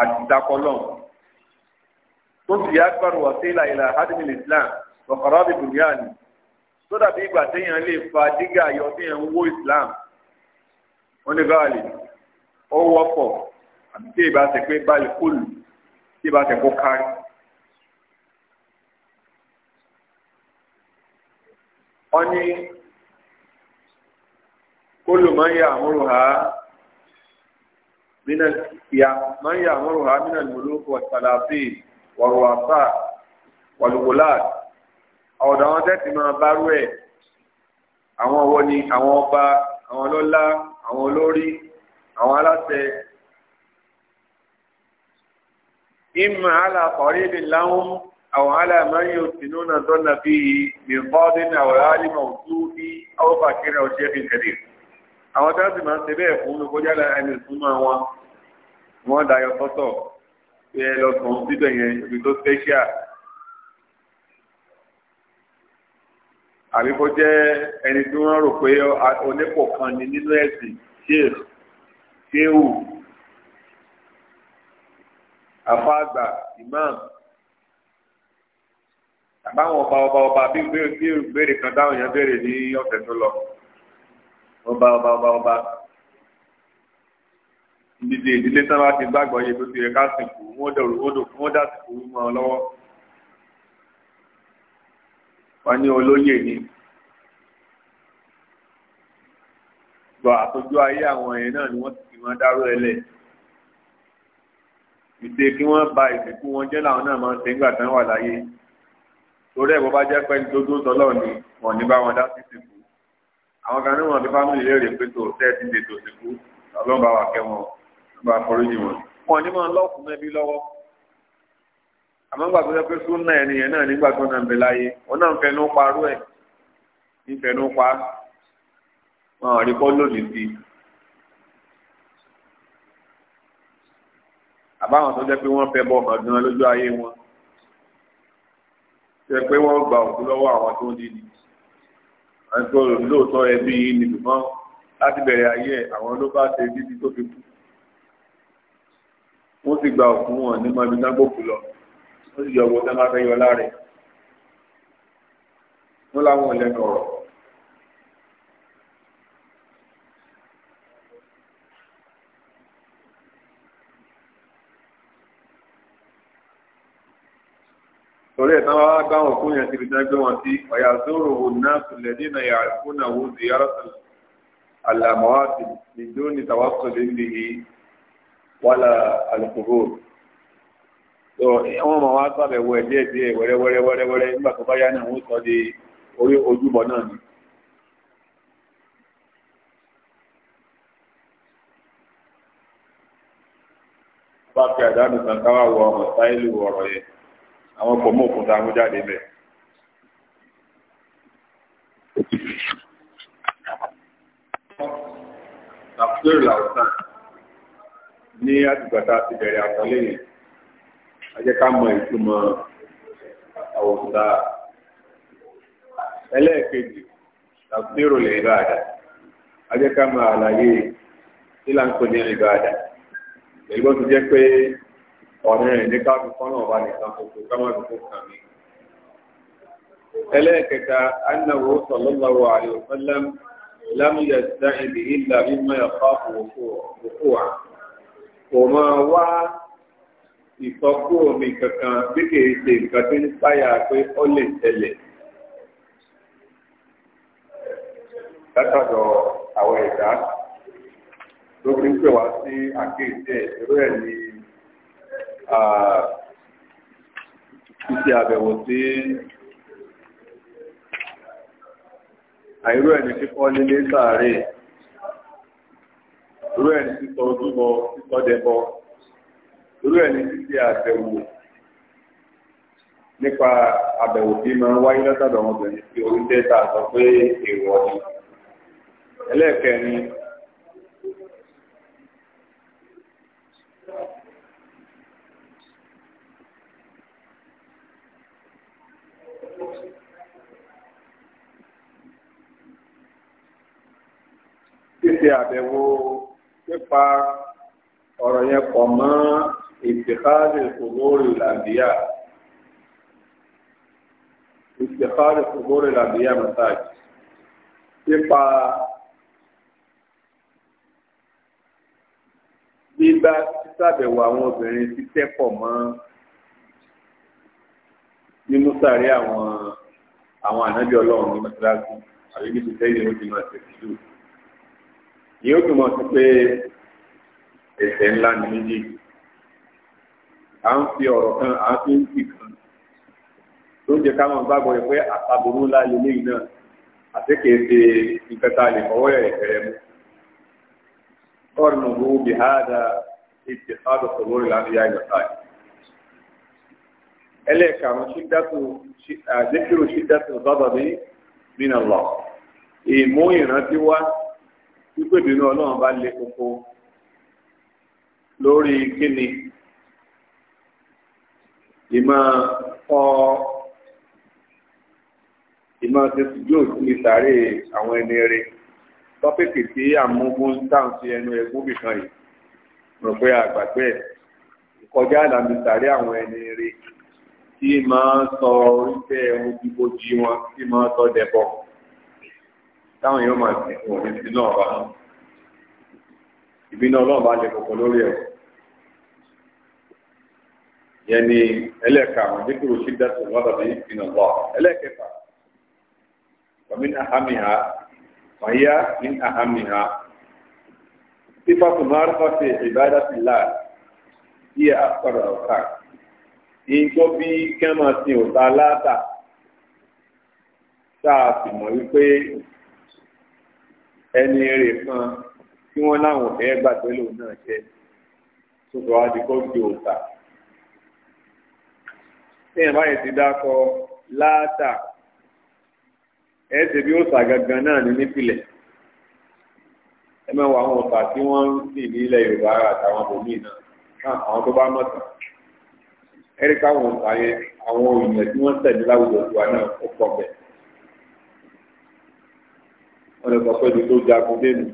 àti dakọlọ tó sì yá gbàrú ọ̀sẹ̀ ìlà ìlà hadimil islam ọ̀kọ̀rọ̀ bí bùnìyàní tó dàbí ìgbà téèyàn lè fa dígà yọ téèyàn ń wó islam wọn ní báàlì ó wọ́pọ̀ àti tí ìbá ṣe pé báàlì kúlù tí ìbá ṣe kó kárí. wọ́n ní kólù máa ń yà àmúrò ha mínà yà máa ń yà àmúrò ha mínà lòlókù ọ̀sàlàfì wàrùwàfà wàlùwòlá ọ̀dọ̀ àwọn tẹ́tì máa bárú ẹ̀ àwọn ọwọ́ ni àwọn ọba àwọn ọlọ́lá àwọn olórí àwọn aláṣẹ ìmọ̀ alákọ̀ọ́rí ni láwọn àwọn aláàmáyé òsìnú náà tọ́nà bíi mìfọ́dínà ọ̀rá alìmọ̀ òtú ní àwọn bàkẹ́rẹ̀ ọ̀ṣẹ́ kékeré àwọn tí wọ́n sì máa ń ṣe bẹ́ẹ̀ fún mi kọjá lára ẹni ìsúnmọ́ wọn wọ́n dayọ sọ́tọ̀ pé ẹ lọ sùn síbẹ̀ yẹn ibi tó special àbí kó jẹ́ ẹni tí wọ́n rò pé onípò kan ni nínú ẹ̀sìn ṣéèf ṣéwù àfáàgbà imam àbáwọn ọba ọba ọba bí ìbéèrè kan dáhùn yẹn béèrè ní ọ̀sẹ̀ tó lọ ọba ọba ọba ọba ìdíje ìdílé sábà ti gbàgbọ́ yẹ tó ti yẹ ká sìnkú wọ́n dẹ̀rù wọ́n dà sìnkú mọ́ ọ lọ́wọ́ wọ́n ní olóyè ni gbọ́ àtọ́jú ayé àwọn ẹ̀yẹ náà ni wọ́n ti fi máa dárò ẹlẹ̀ ìdè kí wọ́n ba ìsìnkú wọn jẹ́ làwọn náà máa ń ṣe nígbà tán wà láyé torí ẹ̀ bó bá jẹ́ pẹ́ni tó dúró sọ́lọ́ọ̀ ni wọ́n ní bá wọn dá sí ìsìnkú àwọn kan ní wọn ti fámìlì léèrè pé tó tẹ́ẹ̀tì lè tò síkú ọlọ́ba wà kẹ́ wọn ọba foríjì wọn. wọn ní wọn lọ́ọ̀kú mẹ́bí lọ́wọ́ àmọ́ gbàgbé sọ pé súnà ẹnìyẹn náà nígbà tó nà ń bẹ láyé wọn náà ń fẹnu parú ẹ̀ ń fẹnu pa wọn ò rí kọ́ lónìí sí i. àbáwọn tó jẹ́ pé wọ́n fẹ́ bọ́ ọmọ gan lójú ayé wọn jẹ́ pé wọ́n gba òkú lọ́wọ́ àwọn tó ń dìní àti lóòótọ́ ẹbí yìí ni ṣùgbọ́n láti bẹ̀rẹ̀ ayé àwọn ló bá ṣe títí tó fi kú wọ́n sì gba òkú wọn ní mọ́bí dágbòkú lọ wọ́n sì yọ owó tán bá fẹ́ yọ láre wọ́n láwọn ò ọ̀rọ̀ torí ẹ̀tàn wa gbá wọn fún yẹn tìrìtà gbé wọn sí ọ̀yà zoro onáàtù lẹ́dí náà yà fún àwọn ziyara alamawaati nìjó ni tawassul níbi wàlà alukoro tó wọn mọ wọn sábẹ wọ ẹdí ẹdí ẹ wẹrẹ wẹrẹ wẹrẹ nígbà tó bá yá náà wọn sọ di orí ojúbọ náà ni. bá fi àdánù kan káwá wọ ọmọ sáìlì wọrọ yẹn àwọn ọkọ̀ mọ́ òkúta àwọn jáde mẹ́ àfúrò làwùsàn ní àtìgbàtà ti bẹ̀rẹ̀ àkọlé yìí ajẹ́ ká mọ ìtumọ̀ àwòsà ẹlẹ́ẹ̀kejì àfúrò lè bá àdá ajẹ́ ká mọ àlàyé tí là ń pè ní ìbá àdá èyí jẹ́ pé ọ̀nà rẹ̀ ní káàkiri kọ́nà ọba nìkan kòkò káwọn àdúgbò kan mi. ẹlẹ́ẹ̀kẹta annahu sallallahu alayhi wa sallam lam yadda'i bi illa mimma yakhafu wuqu'a kò máa wá ìsọkú omi kankan bí kìí ṣe nǹkan tó ń páyà pé ó lè tẹ̀lẹ̀. látọ̀dọ̀ àwọn ẹ̀dá ló fi ń pè wá sí àkéèjẹ́ ìró ẹ̀ ní ṣíṣe àbẹ̀wò sí àìrú ẹni kíkọ́ nílé sàárè irú ẹni sísọ ojúbọ sísọ dẹbọ irú ẹni ṣíṣe àbẹ̀wò nípa àbẹ̀wò tí máa wáyé látàdọ̀ ọmọbìnrin tí orí tẹ́ta sọ pé èèwọ̀ ni ṣe àbẹ̀wò pípa ọ̀rọ̀ yẹn pọ̀ mọ́ ìtìkáàdì kògbóòrè làbíyà ìtìkáàdì kògbóòrè làbíyà mọ́tàjì pípa bíbá sísàbẹ̀wò àwọn obìnrin títẹ́ pọ̀ mọ́ nínú sàárẹ̀ àwọn àwọn ànábì ọlọ́run ní mọ́tíláṣí àbí bí ti tẹ́lẹ̀ ó ti máa tẹ̀sílù ni ó túmọ̀ sí pé ẹ̀ṣẹ̀ ńlá ni méjì à ń fi ọ̀rọ̀ kan à ń fi ń fi kan tó ń jẹ káwọn gbàgbọ́ yẹn pé àtàbùrú ńlá lélẹ́yìn náà àti kìí ṣe nǹkan tá lè fọwọ́ yẹ̀ fẹ́rẹ́ mú. قرنه بهذا اتخاذ الصبور الأنبياء المصائب ẹlẹ́ẹ̀ka àwọn ṣídàtò ذكر شدة الغضب من الله ìmú ìrántí wá wípé ìdùnnú ọlọ́run bá le koko lórí kíni ìmọ̀ ọ ìmọ̀ tẹ̀sí yóò ní sàárè àwọn ẹni rẹ̀ tọ́pìkì tí àmúgún dáhùn sí ẹnu ẹgbẹ́ bìkan yìí rọ̀ pé àgbàgbẹ́ ìkọjá ìlànà sàárè àwọn ẹni rẹ̀ tí máa ń sọ oríṣẹ́ ojúbojì wọn tí máa ń sọ dẹ̀bọ̀. táwọn èèyàn máa ti fún òní sí náà wá ìbínú ọlọ́run lè kókó lórí ẹ̀ yẹn ni ẹlẹ́ẹ̀ka àwọn díkùrú sí dẹ́tù lọ́dọ̀ bí ìnà ẹlẹ́ẹ̀kẹfà wàmí àhámìhà wàyíyá ní àhámìhà sífàtù máa rúfà sí ìbádà sí láà bí a àkọrọ̀ ọ̀tá ìjọ bí kẹ́mà sí ọ̀tá látà sáà sì mọ̀ wípé ẹni rè kan tí wọ́n láwọn fẹ́ gbà pẹ̀lú náà jẹ́ tó bọ̀ wá di kó di òòtà. téèyàn báyìí ti dákọ láàtà ẹ ṣe bí òòtà gangan náà ní nípìnlẹ̀ ẹ máa wọ àwọn òòtà tí wọ́n ń sìn ní ilẹ̀ Yorùbá àtàwọn bòmíì náà àwọn tó bá mọ̀ tán ẹ̀rí káwọn òòtà yẹn àwọn èèyàn tí wọ́n tẹ̀lé láwùjọ tiwa náà ó pọ̀ bẹ́ẹ̀ wọ́n lè sọ pé ibi tó jagun dénú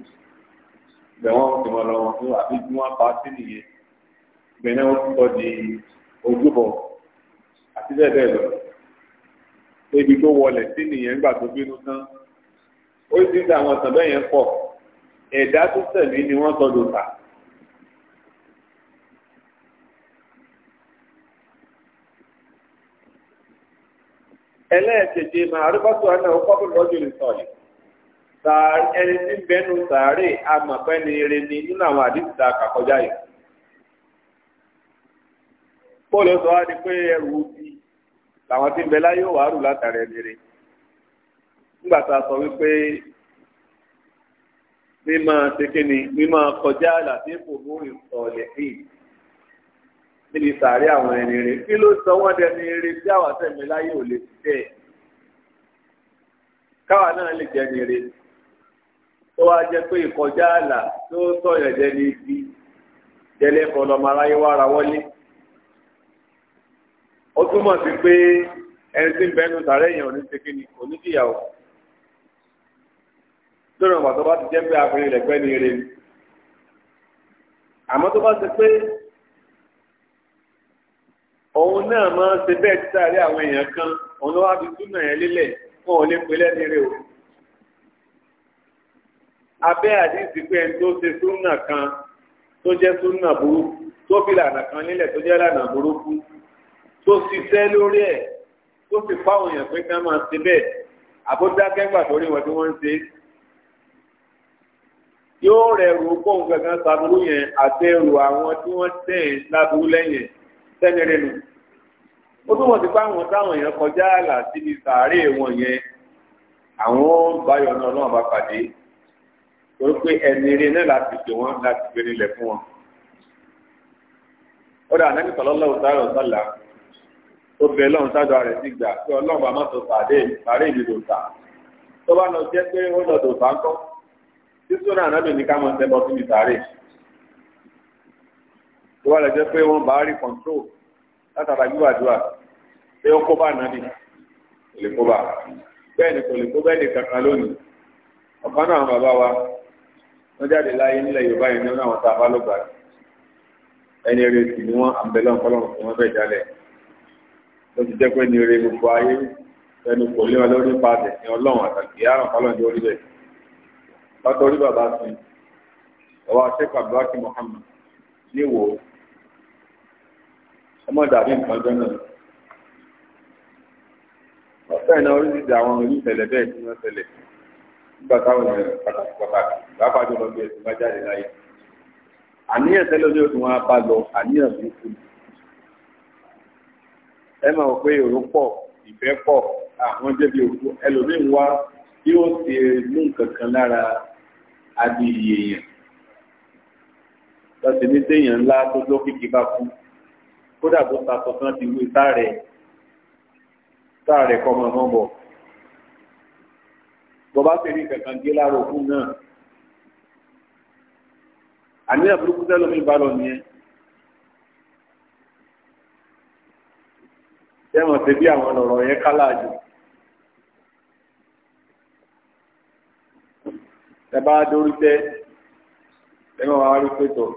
ibẹ̀ wọ́n ti mọ̀ lọ́wọ́ fún àbí tí wọ́n pa sí nìyẹn ibẹ̀ náà wọ́n ti sọ di ojúbọ àti bẹ́ẹ̀ bẹ́ẹ̀ lọ ibi tó wọlẹ̀ sí nìyẹn nígbà tó bínú tán ó sì ń àwọn ọ̀sán bẹ́ẹ̀ yẹn pọ̀ ẹ̀dá tó tẹ̀lé ni wọ́n sọ dòtà. ẹlẹ́ẹ̀kejì màá rí bá tó àná ó kọ́ bó lọ́jọ́ ìsọ̀lẹ̀. ẹni tí ń bẹnu sàárè amọ̀pẹ́ni eré ni nínú àwọn àdìsí tá a yìí. Pọ́ọ̀lù sọ wá di pé ẹrù ti làwọn tí ń bẹ láyé rù látàrí ẹni Nígbà tá a sọ wípé mímọ ṣèkéni mímọ kọjá àlàfíà mú ìsọ̀lẹ̀ níbi sàárè àwọn ẹni Kí ló sọ wọ́n dẹni eré tí àwọn àtẹ̀mí láyé ò lè fi bẹ́ẹ̀? Káwa náà lè tó wá jẹ́ pé ìkọjá àlà tó sọ̀yọ̀ jẹ́ ní ibi jẹ́lẹ́ kọlọ́mọ aráyé wá ra wọlé. ó túmọ̀ sí pé ẹni tí ń bẹnu tààrẹ́ èèyàn ò ní ṣe kí ni kò ní jìyàwó. lórí ọ̀gbà tó bá ti jẹ́ pé abìnrin rẹ̀ pẹ́ ní eré ni. àmọ́ tó bá ti pé òun náà máa ń ṣe bẹ́ẹ̀ títàrí àwọn èèyàn kan òun ló wá fi túnà yẹn lélẹ̀ fún òun lè pe lẹ́nu eré òun abẹ́ àdínsí pé ẹni tó ṣe súnà kan tó jẹ́ súnà burúkú tó fi lànà kan nílẹ̀ tó jẹ́ lànà burúkú tó ṣiṣẹ́ lórí ẹ̀ tó fi fáwọn èèyàn pé ká máa ṣe bẹ́ẹ̀ àbódákẹ́gbà torí wọn tí wọ́n ń ṣe yóò rẹrù kóhùn kankan sábúrú yẹn àtẹrù àwọn tí wọ́n tẹ̀yìn lábúrú lẹ́yìn sẹ́ni nù ó túmọ̀ sí pé àwọn táwọn èèyàn kọjá àlà síbi sàárè wọn yẹn àwọn báyọ̀ náà náà bá pàdé torí pé ẹni rí náà láti pè wọ́n láti gbé nílẹ̀ fún wọn. ó dà nẹ́bí sallallahu alaihi wasallam tó bẹ lọ́run sáájú rẹ̀ sí gbà pé ọlọ́run bá má tó sàárè ìdìbò ta tó bá lọ jẹ́ pé ó lọ dò sáńkọ́ sísún náà nábì ní ká mọ̀ sẹ́bọ̀ síbi sàárè tó bá lọ jẹ́ pé wọ́n bá rí kọ̀ǹtró látara gbígbàdúrà pé ó kó bá nábì kò lè kó bá bẹ́ẹ̀ ni kò lè kó bẹ́ẹ̀ ni kankan lónìí ọ̀kan náà bàbá wa wọ́n jáde láyé nílẹ̀ yorùbá yìí nínú àwọn tá a bá ló gbà ẹni eré sì ni wọ́n àbẹ̀lẹ̀ ọ̀pọ̀lọpọ̀ tí wọ́n fẹ́ jalẹ̀ ló ti jẹ́ pé ní eré gbogbo ayé ẹnu kò lé wọn lórí padà ní ọlọ́run àtàkì àrùn kọ́lọ́n ní orí bẹ̀ bàtà orí bàbá sí ọwọ́ akẹ́kọ̀ọ́ abdulhaki muhammad ní ìwò ọmọ dàbí nǹkan jọ náà ọ̀sẹ̀ náà orí ti dà àwọn orí ìṣẹ̀lẹ̀ bẹ́ẹ̀ tí wọ́n ṣẹlẹ̀ nígbà táwọn èèyàn pàtàkì pàtàkì pàápàá jùlọ bí ẹsùn bá jáde láyé àníyàn tẹ́lẹ̀ ní òtún wọn bá lọ àníyàn tó kù ẹ máa wọ pé èrò pọ̀ ìfẹ́ pọ̀ àwọn jẹ̀bi òkú ẹlòmíín wá bí ó ti mú nǹkan kan lára adìyẹ èèyàn lọ́sẹ̀ ní téèyàn ńlá tó lókìkí bá kú kódà bó ta sọ tán ti wí sáà rẹ̀ sáà rẹ̀ kọ́ ọmọ ọmọ bọ̀ bọ́bá tẹ̀lé kankan gé lára òkú náà àníyàn burúkú tẹ́lẹ̀ mi bá lọ nìyẹn. tẹ́wọ̀n ti bí àwọn ọ̀rọ̀ yẹn kálá jù. Ẹ̀bá dórí tẹ́ ẹ̀mọ́ wa rí pétọ̀.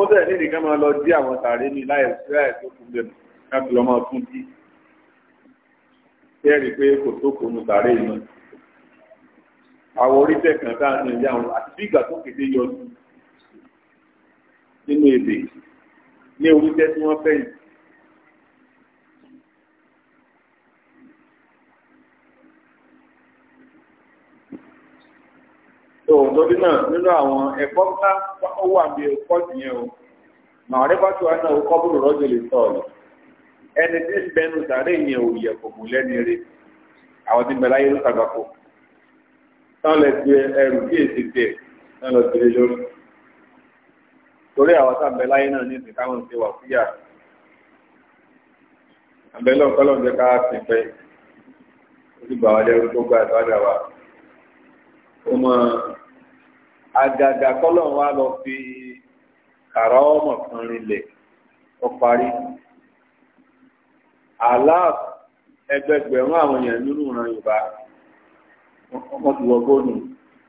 Ó bẹ̀rẹ̀ ní nìkan máa lọ dí àwọn tààrí ní láì síláì tó kú lẹ́nu láti lọ máa fún dí. Ṣé pé kò tó kò nu tààrí yìí àwọn oríṣẹ́ kan tá à ń yà wọn àti bí ìgbà tó kéde yọ sí nínú èdè ní oríṣẹ́ tí wọ́n fẹ̀yìn. lórí náà nínú àwọn ẹ̀kọ́ ńlá ó wà ẹ̀kọ́ ìyẹn o màá rẹ́ bá tó wá náà ó kọ́ bùrù rọ́jò lè sọ ọ̀lẹ̀ ẹni tí ń bẹnu sàárè yẹn ò yẹ kò mú lẹ́ni rí àwọn tí ń bẹ kò táwọn ẹgbẹ ẹrù bí èsì tiẹ̀ náà lọ sí lórí torí àwọn sábẹ láyé náà ní ìsìn káwọn ti wà fúyà àbẹlẹ ọkọlọ ń jẹ ká sì pẹ olùgbà wa lẹrú tó gba ìbádà wa ó mọ àgàgà kọlọ wa lọ fi kàrọ ọmọ kan rinlẹ̀ ó parí àlá ẹgbẹgbẹ̀rún àwọn èèyàn nínú ìran Yorùbá wọ́n ti wọ góòlù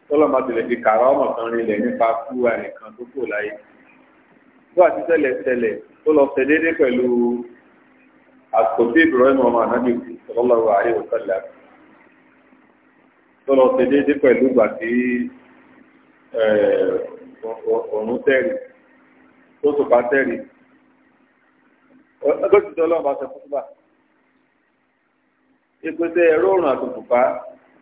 tọ́lọ́mọ tẹ̀lẹ̀ fi kàrá ọmọ kan rinlẹ̀ nípa kú àìkan tó kò láyé tó àti tẹ́lẹ̀ tẹ́lẹ̀ tó lọ fẹ́ déédé pẹ̀lú àkòtí Ibrahim ọmọ ànábì sallallahu alaihi wasallam tó lọ fẹ́ déédé pẹ̀lú ìgbà tí òun eh, tẹ̀rì tó tó bá tẹ̀rì ọgọ́sì tọ́lọ́mọ sọ fún bá ìpèsè ẹ̀rọ òrùn àtòkùnfà.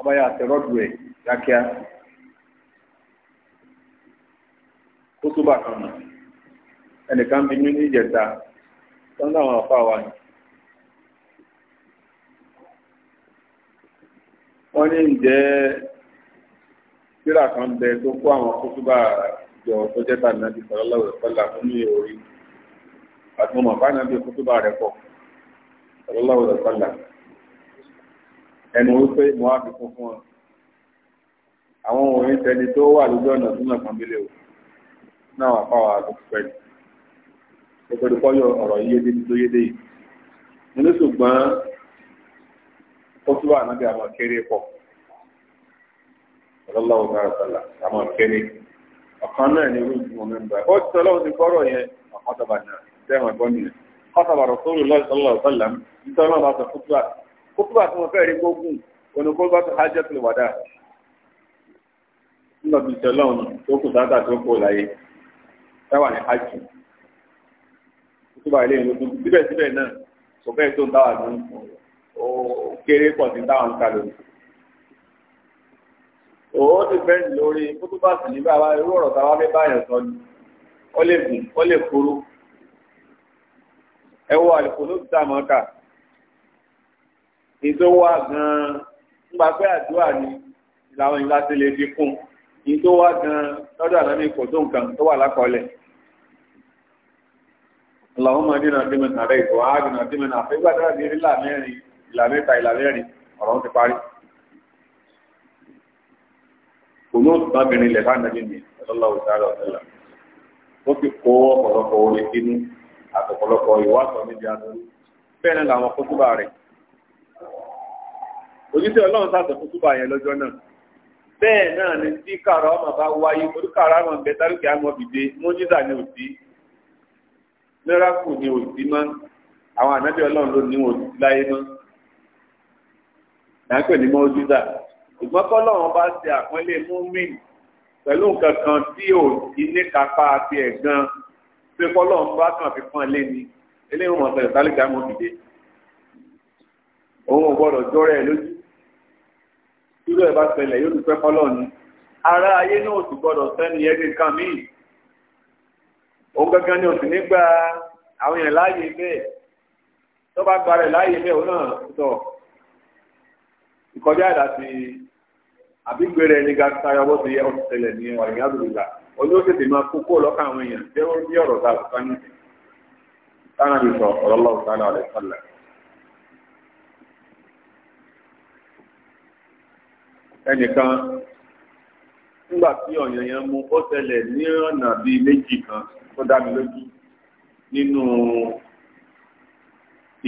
abáyá àtẹ̀rọ́dù ẹ̀ kíákíá kan na, ẹnìkan bi ní ìjẹta tó ń dáhùn àfa wa ni. wọ́n ní ǹjẹ́ síra kan bẹ tó kó àwọn kótóbà jọ tó jẹ́ tà nàbí sallallahu alaihi orí àti ẹnu wípé mo wá fi kún fún ọ àwọn òun ń tẹni tó wà lójú ọ̀nà tó náà pọ́nbílẹ̀ o náà wà fáwọn àtúntò nítorí kọ́ yọ ọ̀rọ̀ yéde tó yéde yìí mo ní ṣùgbọ́n ó tún wà náà bí àwọn kéré pọ̀ ọlọ́láwọ̀ náà sọ̀là àwọn kéré ọ̀kan náà ni wíwú mo mẹ́rin ó ti sọ lọ́wọ́ ti yẹn ọ̀kan tọ̀bà náà sẹ́wọ̀n ẹ̀gbọ́n nìyẹn kọ́tàbà rọ̀ sórí lọ́sọ̀lọ́ kótóbà tí wọ́n fẹ́ rí gbógun òní kótóbà tó hajjatul wada nínú ọdún ìṣẹ̀lẹ̀ ọ̀nà tó kù sáńtà tó kù láyé táwa ní hajj kótóbà ilé ìlú tó síbẹ̀síbẹ̀ náà kò fẹ́ tó ń táwa ní kéré pọ̀ sí táwa ń ka lónìí. òwò ti fẹ́ lórí kótóbà sì ní báwa irú ọ̀rọ̀ táwa fẹ́ báyàn sọ ni ó lè gùn ó lè kúrú ẹ wo àlùkò ló ti dá àmọ́ ká ètò wà gan-an nígbà pé àdúrà ni làwọn ìlà ti lè fi kún èyí tó wà gan-an lọ́dọ̀ àná ní ipò tó nǹkan tó wà lákọọ́lẹ̀. اللهم اهدنا فيمن هديت وعافنا فيمن عافيت وقنا في الله ميري ìlà mẹ́ta ìlà mẹ́rin ọ̀rọ̀ ti parí. kò ní òtún bábìnrin ilẹ̀ fáànà ní mi ọlọ́lá òṣàlá ọ̀tẹ́là ó fi kó ọ̀pọ̀lọpọ̀ orin sínú àtọ̀pọ̀lọpọ̀ ìwádìí níbi àdúró bẹ́ẹ̀ ni làwọn kótóbà rẹ̀ òjíṣẹ́ ọlọ́run sàtọ̀ fún túbà yẹn lọ́jọ́ náà bẹ́ẹ̀ náà ni tí kàrà ọmọ bá wáyé orí ọmọ bẹ tárùkì àmọ́ bìde mọ́jísà ni òsì mẹ́rákù ni òsì mọ́ àwọn ànábì ọlọ́run ló ní òsì láyé mọ́ là ń pè ní mọ́jísà ìgbọ́n kọ́lọ́run bá ṣe àpọ́nlé mọ́mìn pẹ̀lú nǹkan kan tí òsì ní kápá àti ẹ̀gán pé kọ́lọ́run bá kàn fi pọ́n lé ni eléyìí wọn sọ̀rọ̀ tárùkì àmọ́ bìde òun gbọ́dọ̀ jọ́rọ̀ lójú irú ẹ̀ bá ṣẹlẹ̀ yóò dúpẹ́ fọ́lọ́ ni ara ayé náà sì gbọ́dọ̀ sẹ́ni ẹgbẹ́ kan míì òun gangan ni òsì nígbà àwọn èèyàn láàyè bẹ́ẹ̀ tó bá gba rẹ̀ láàyè bẹ́ẹ̀ òun náà sọ ìkọjá ìdá sí àbígbé rẹ̀ ní gàtàyà bó ti yẹ ọ̀sẹ̀ tẹ̀lẹ̀ ní ọ̀rẹ́yìn àdúgbò ọjọ́ tètè máa kókó lọ́kàn àwọn èèyàn jẹ́ bí ọ̀rọ̀ ta lọ́kàn ní sọ ọ̀rọ̀ lọ́wọ́ tánà ọ̀rẹ́ sọ́lẹ̀. ẹnìkan nígbà tí ọ̀yàn yẹn mú ó ṣẹlẹ̀ ní ọ̀nà bíi méjì kan tó dá mi lójú nínú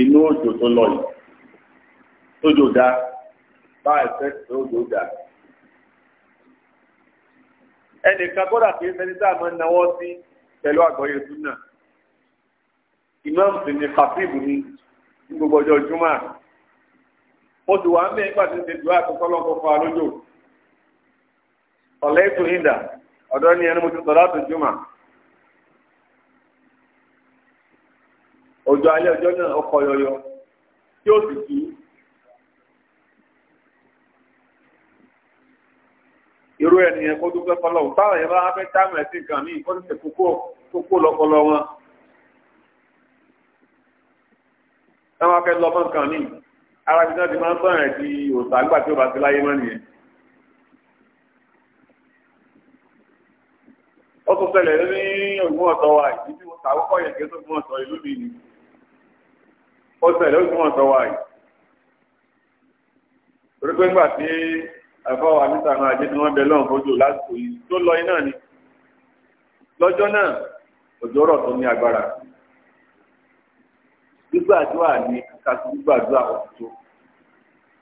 inú òjò tó lọ yìí tójò dá bá ẹ̀fẹ́ tó òjò dá ẹnìkan kódà kìí ṣẹni tá a máa náwó sí pẹ̀lú àgbọ̀yé súnà ìmáàmù sì ni kàfíìbù ni ní gbogbo ọjọ́ júmọ́ oṣù wa mẹ́rin gbà tí dị ṣe akwụkwọ àtúntọ́lọ́ kó fa lójó ọ̀lẹ́ ètò ọ̀dọ́ ni ẹni mo ti sọ̀rọ̀ àtúntò mà. òjò alẹ́ ọjọ́ náà ọkọ̀ yọyọ tí ó sì kí. irú ẹnìyẹn kó dúpẹ́ fọlọ́ táwọn yẹn bá fẹ́ míì kó kókó lọ́pọlọ wọn. táwọn ara ti náà ti máa ń sọ̀rọ̀ ẹ̀ di òòtà nígbà tí ó bá ti láyé mọ́ nìyẹn. ó tún ṣẹlẹ̀ ní ògùn ọ̀tọ̀ wa yìí tí mo ta àkọ́kọ́ yẹn kí ó tún fún ọ̀tọ̀ ìlú mi ni ó ṣẹlẹ̀ ó tún ọ̀tọ̀ wa yìí. torí pé nígbà tí ẹ̀fọ́ wa níta náà àjẹ́ tí wọ́n bẹ lọ́rùn fojú lásìkò yìí tó lọ iná ni lọ́jọ́ náà òjò rọ̀ tó ní agbára gbígbàdúrà ní kàkà sí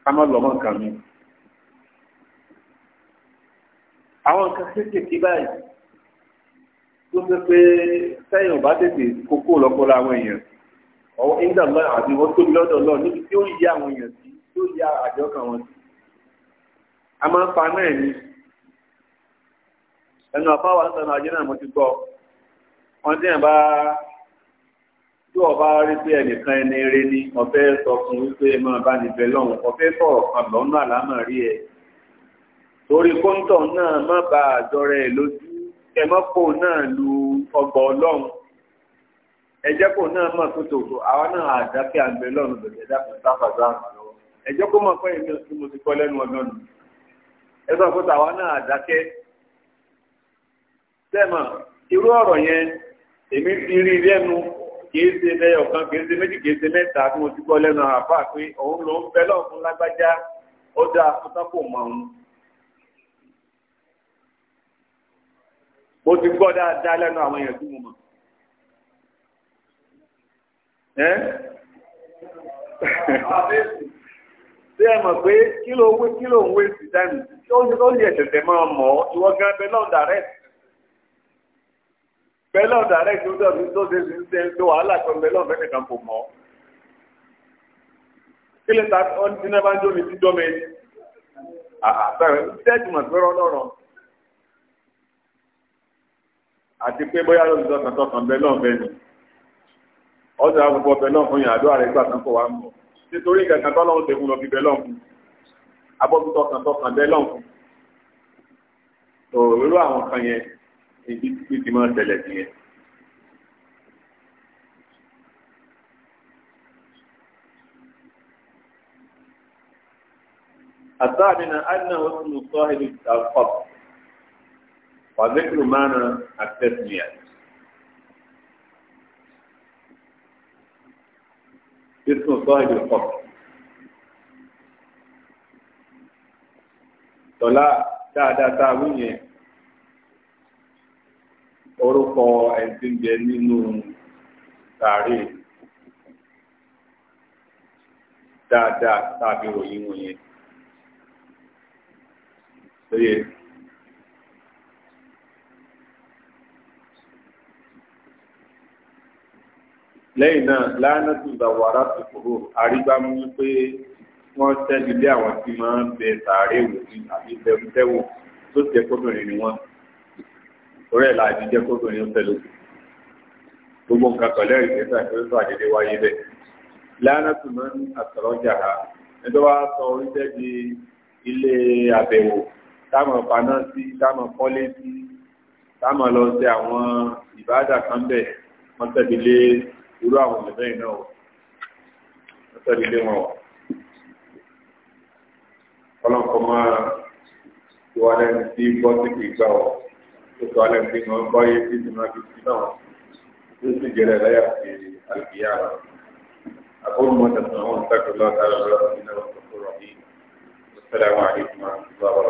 ká má lọ́mọ nǹkan mi. àwọn nǹkan kéékèèké báyìí tó ṣe pé sẹ́yìn ò bá tètè kókó lọ́pọ̀lọ́ àwọn èèyàn ọwọ́ ìgbà náà àti wọ́n tóbi lọ́dọ̀ náà níbi tí ó yí àwọn èèyàn sí tí ó yí àjọ kan wọn sí. a máa ń pa náà ní ẹnu àfáwà sọnù ajé náà mo ti gbọ́ wọn tí yẹn bá tí ọba rí pé ẹnìkan ẹni rẹ ni ọ̀fẹ́ sọ fún wípé ẹ máa bá níbẹ̀ lọ́hùn ọ̀fẹ́ sọ̀rọ̀ kan lọ́nà àlámà rí ẹ torí kóńtọ̀ náà má ba àjọ rẹ lójú ẹ mọ́kò náà lu ọgbà ọlọ́run ẹjẹ́ kò náà mọ̀ tó tòótọ́ àwa náà àdákẹ́ àgbẹ̀ lọ́run bẹ̀rẹ̀ ẹ̀dá kan sáfàdá àtúnṣe ẹjọ́ kó mọ̀ pé èmi tí mo ti kọ́ lẹ́nu ọdún nù ẹ sọ pé tàwa náà àdákẹ́ sẹ́mà irú ọ̀rọ̀ yẹn èmi ti rí lẹ́nu kìí ṣe mẹ́yọ̀ kan kìí méjì kìí mẹ́ta tí mo ti gbọ́ lẹ́nu àfáà pé òun ló ń fẹ́ lọ́ọ̀ fún lágbájá ó dá mọ́ ti gbọ́ dáadáa lẹ́nu àwọn èèyàn tí ṣé ẹ bẹ́lọ̀ direct tó dọ̀ tó ṣe ṣe ń ṣe tó wàhálà kan bẹ́lọ̀ mẹ́nìkan kò mọ́ kí lè ta ọ́n ti náà bá ń jómi dídọ́ mi àtàrà tẹ́tù mọ̀ pé rọ́lọ́rọ́ àti pé bóyá lóòótọ́ kan tọkàn bẹ́lọ̀ bẹ́ni ọ̀sẹ̀ àbúkọ bẹ́lọ̀ fún yàn àdó àrẹ́gbà kan kò wá mọ̀ nítorí kankan tọ́lọ́ ń tẹ̀kùn lọ fi bẹ́lọ̀ fún abọ́dún tọkàn tọkàn bẹ́lọ̀ fún òróró àwọn kan yẹn ibi tí máa أنه اسم صاحب القبر وذكر معنى التسمية اسم صاحب القبر tọ́lá dáadáa tá orúkọ ẹ̀sìn jẹ nínú sàárè dáadáa tàbí ròyìn wọ̀nyẹn lóye lẹ́yìn náà láàánàtù ìdàwárà ti kúrò àrígbámú wípé wọ́n tẹ́lẹ̀ bí àwọn tí máa ń bẹ sàárè wò àbí bẹ̀rù tẹ́wò tó tẹ́ ni wọ́n torí ẹ̀ láàbí jẹ́ kóbìnrin ń tẹ̀lé gbogbo nǹkan pẹ̀lẹ́ ìgbésà tó sọ àdédé wáyé bẹ́ẹ̀ lánàá tó máa ń àtọ̀rọ̀jà ha ẹjọ́ wa sọ oríṣẹ́ di ilé àbẹ̀wò táwọn paná sí táwọn kọ́lé sí táwọn lọ sí àwọn ìbáàdà kan bẹ̀ wọ́n tẹ̀bi lé irú àwọn ọ̀nà bẹ́ẹ̀ náà wọ́n tẹ̀bi lé wọn wọ̀ ọlọ́nkọ́ máa ti wá lẹ́nu sí bọ́sìkì gbà wọ̀. tukọ̀ọ́lẹ̀ ń bí wọ́n bọ́ yé bí ìdúnmọ́ bí i náà tí ó sì jẹ́rẹ̀ láyà sí àlùbíyà rẹ̀. náà wọ́n àwọn